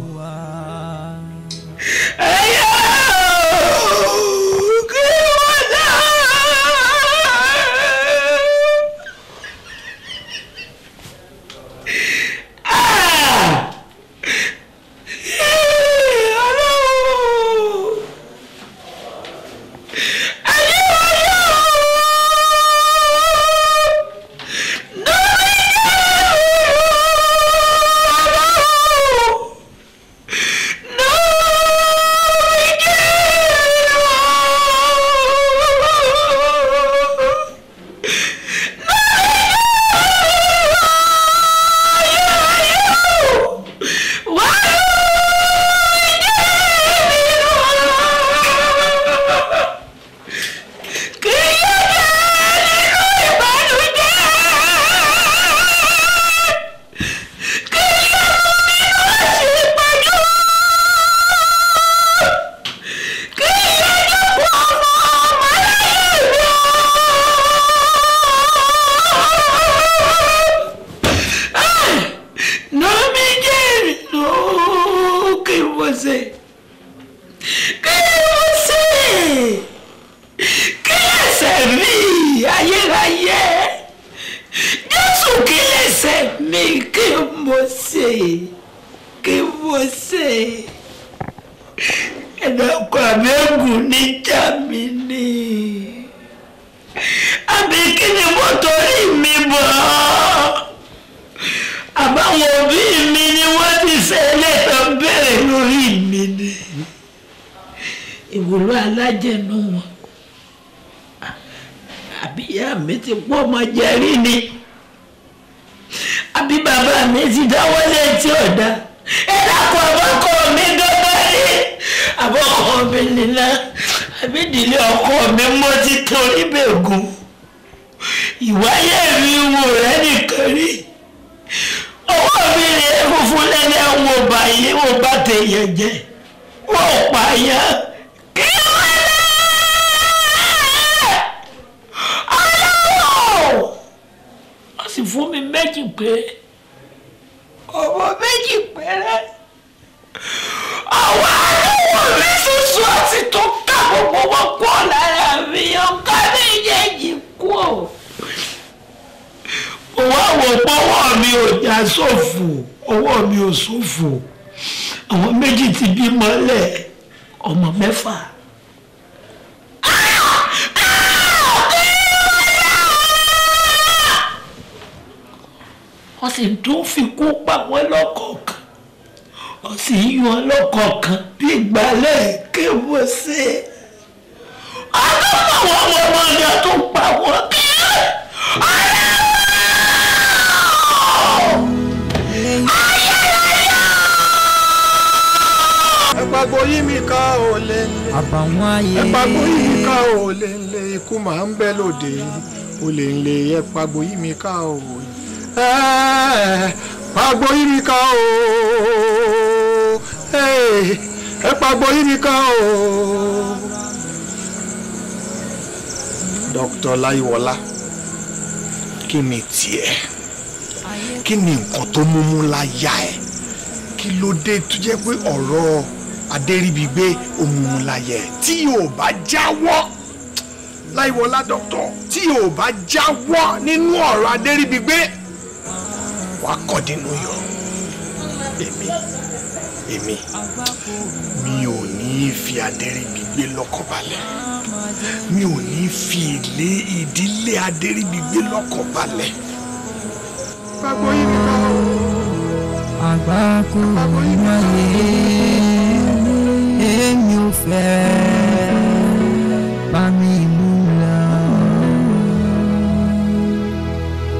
yíká o eh, pàgbó yíká o eh, ẹ pàgbó yíká o. dókítà láyíwọlá kí ni tiẹ̀ kí ni nǹkan tó múmú láyà ẹ̀ kí ló dé tó jẹ́ pé ọ̀rọ̀ adéríbigbé òmùmú láyà ẹ̀ tí yóò bá jáwọ́ láìwọlá dọ́kítọ̀ tí ò bá jáwọ́ nínú ọ̀rọ̀ adéríbigbé wà á kọ́ dínú yọ èmi èmi mi ò ní í fi adéríbigbé lọ́kàn balẹ̀ mi ò ní í fi ilé ìdílé adéríbigbé lọ́kàn balẹ̀. gbàgbọ́ yìí ni èmi ò fẹ́ bá mi mú.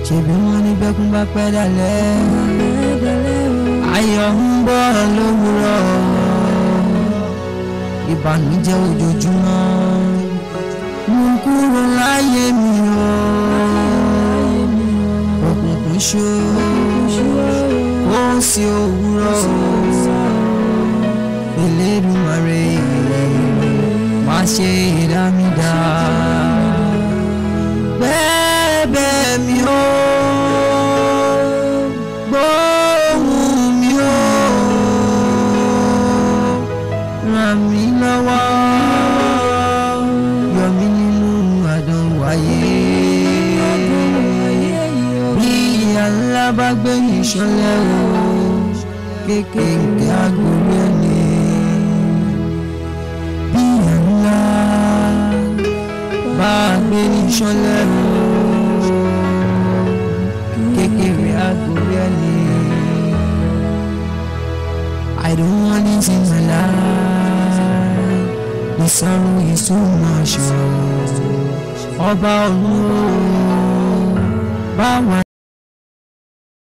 ṣèbí wọn ní gbẹ́kún bá pẹ́ dalẹ̀ ayọ̀ ń bọ̀ lówùrọ̀ ìbànújẹ́ ojoojúmọ́ mú kúrò láyé mi o òkùnkùn ṣó ó ń sí òwúrọ̀ Elédùmarè ṣe ìdámídá bẹ́ẹ̀. ṣọlẹ̀ o kékèké agbórí ẹni bí ẹ̀ńlá bá I don't want it in my life. The sorrow is too much. Ọba olúwo báwa.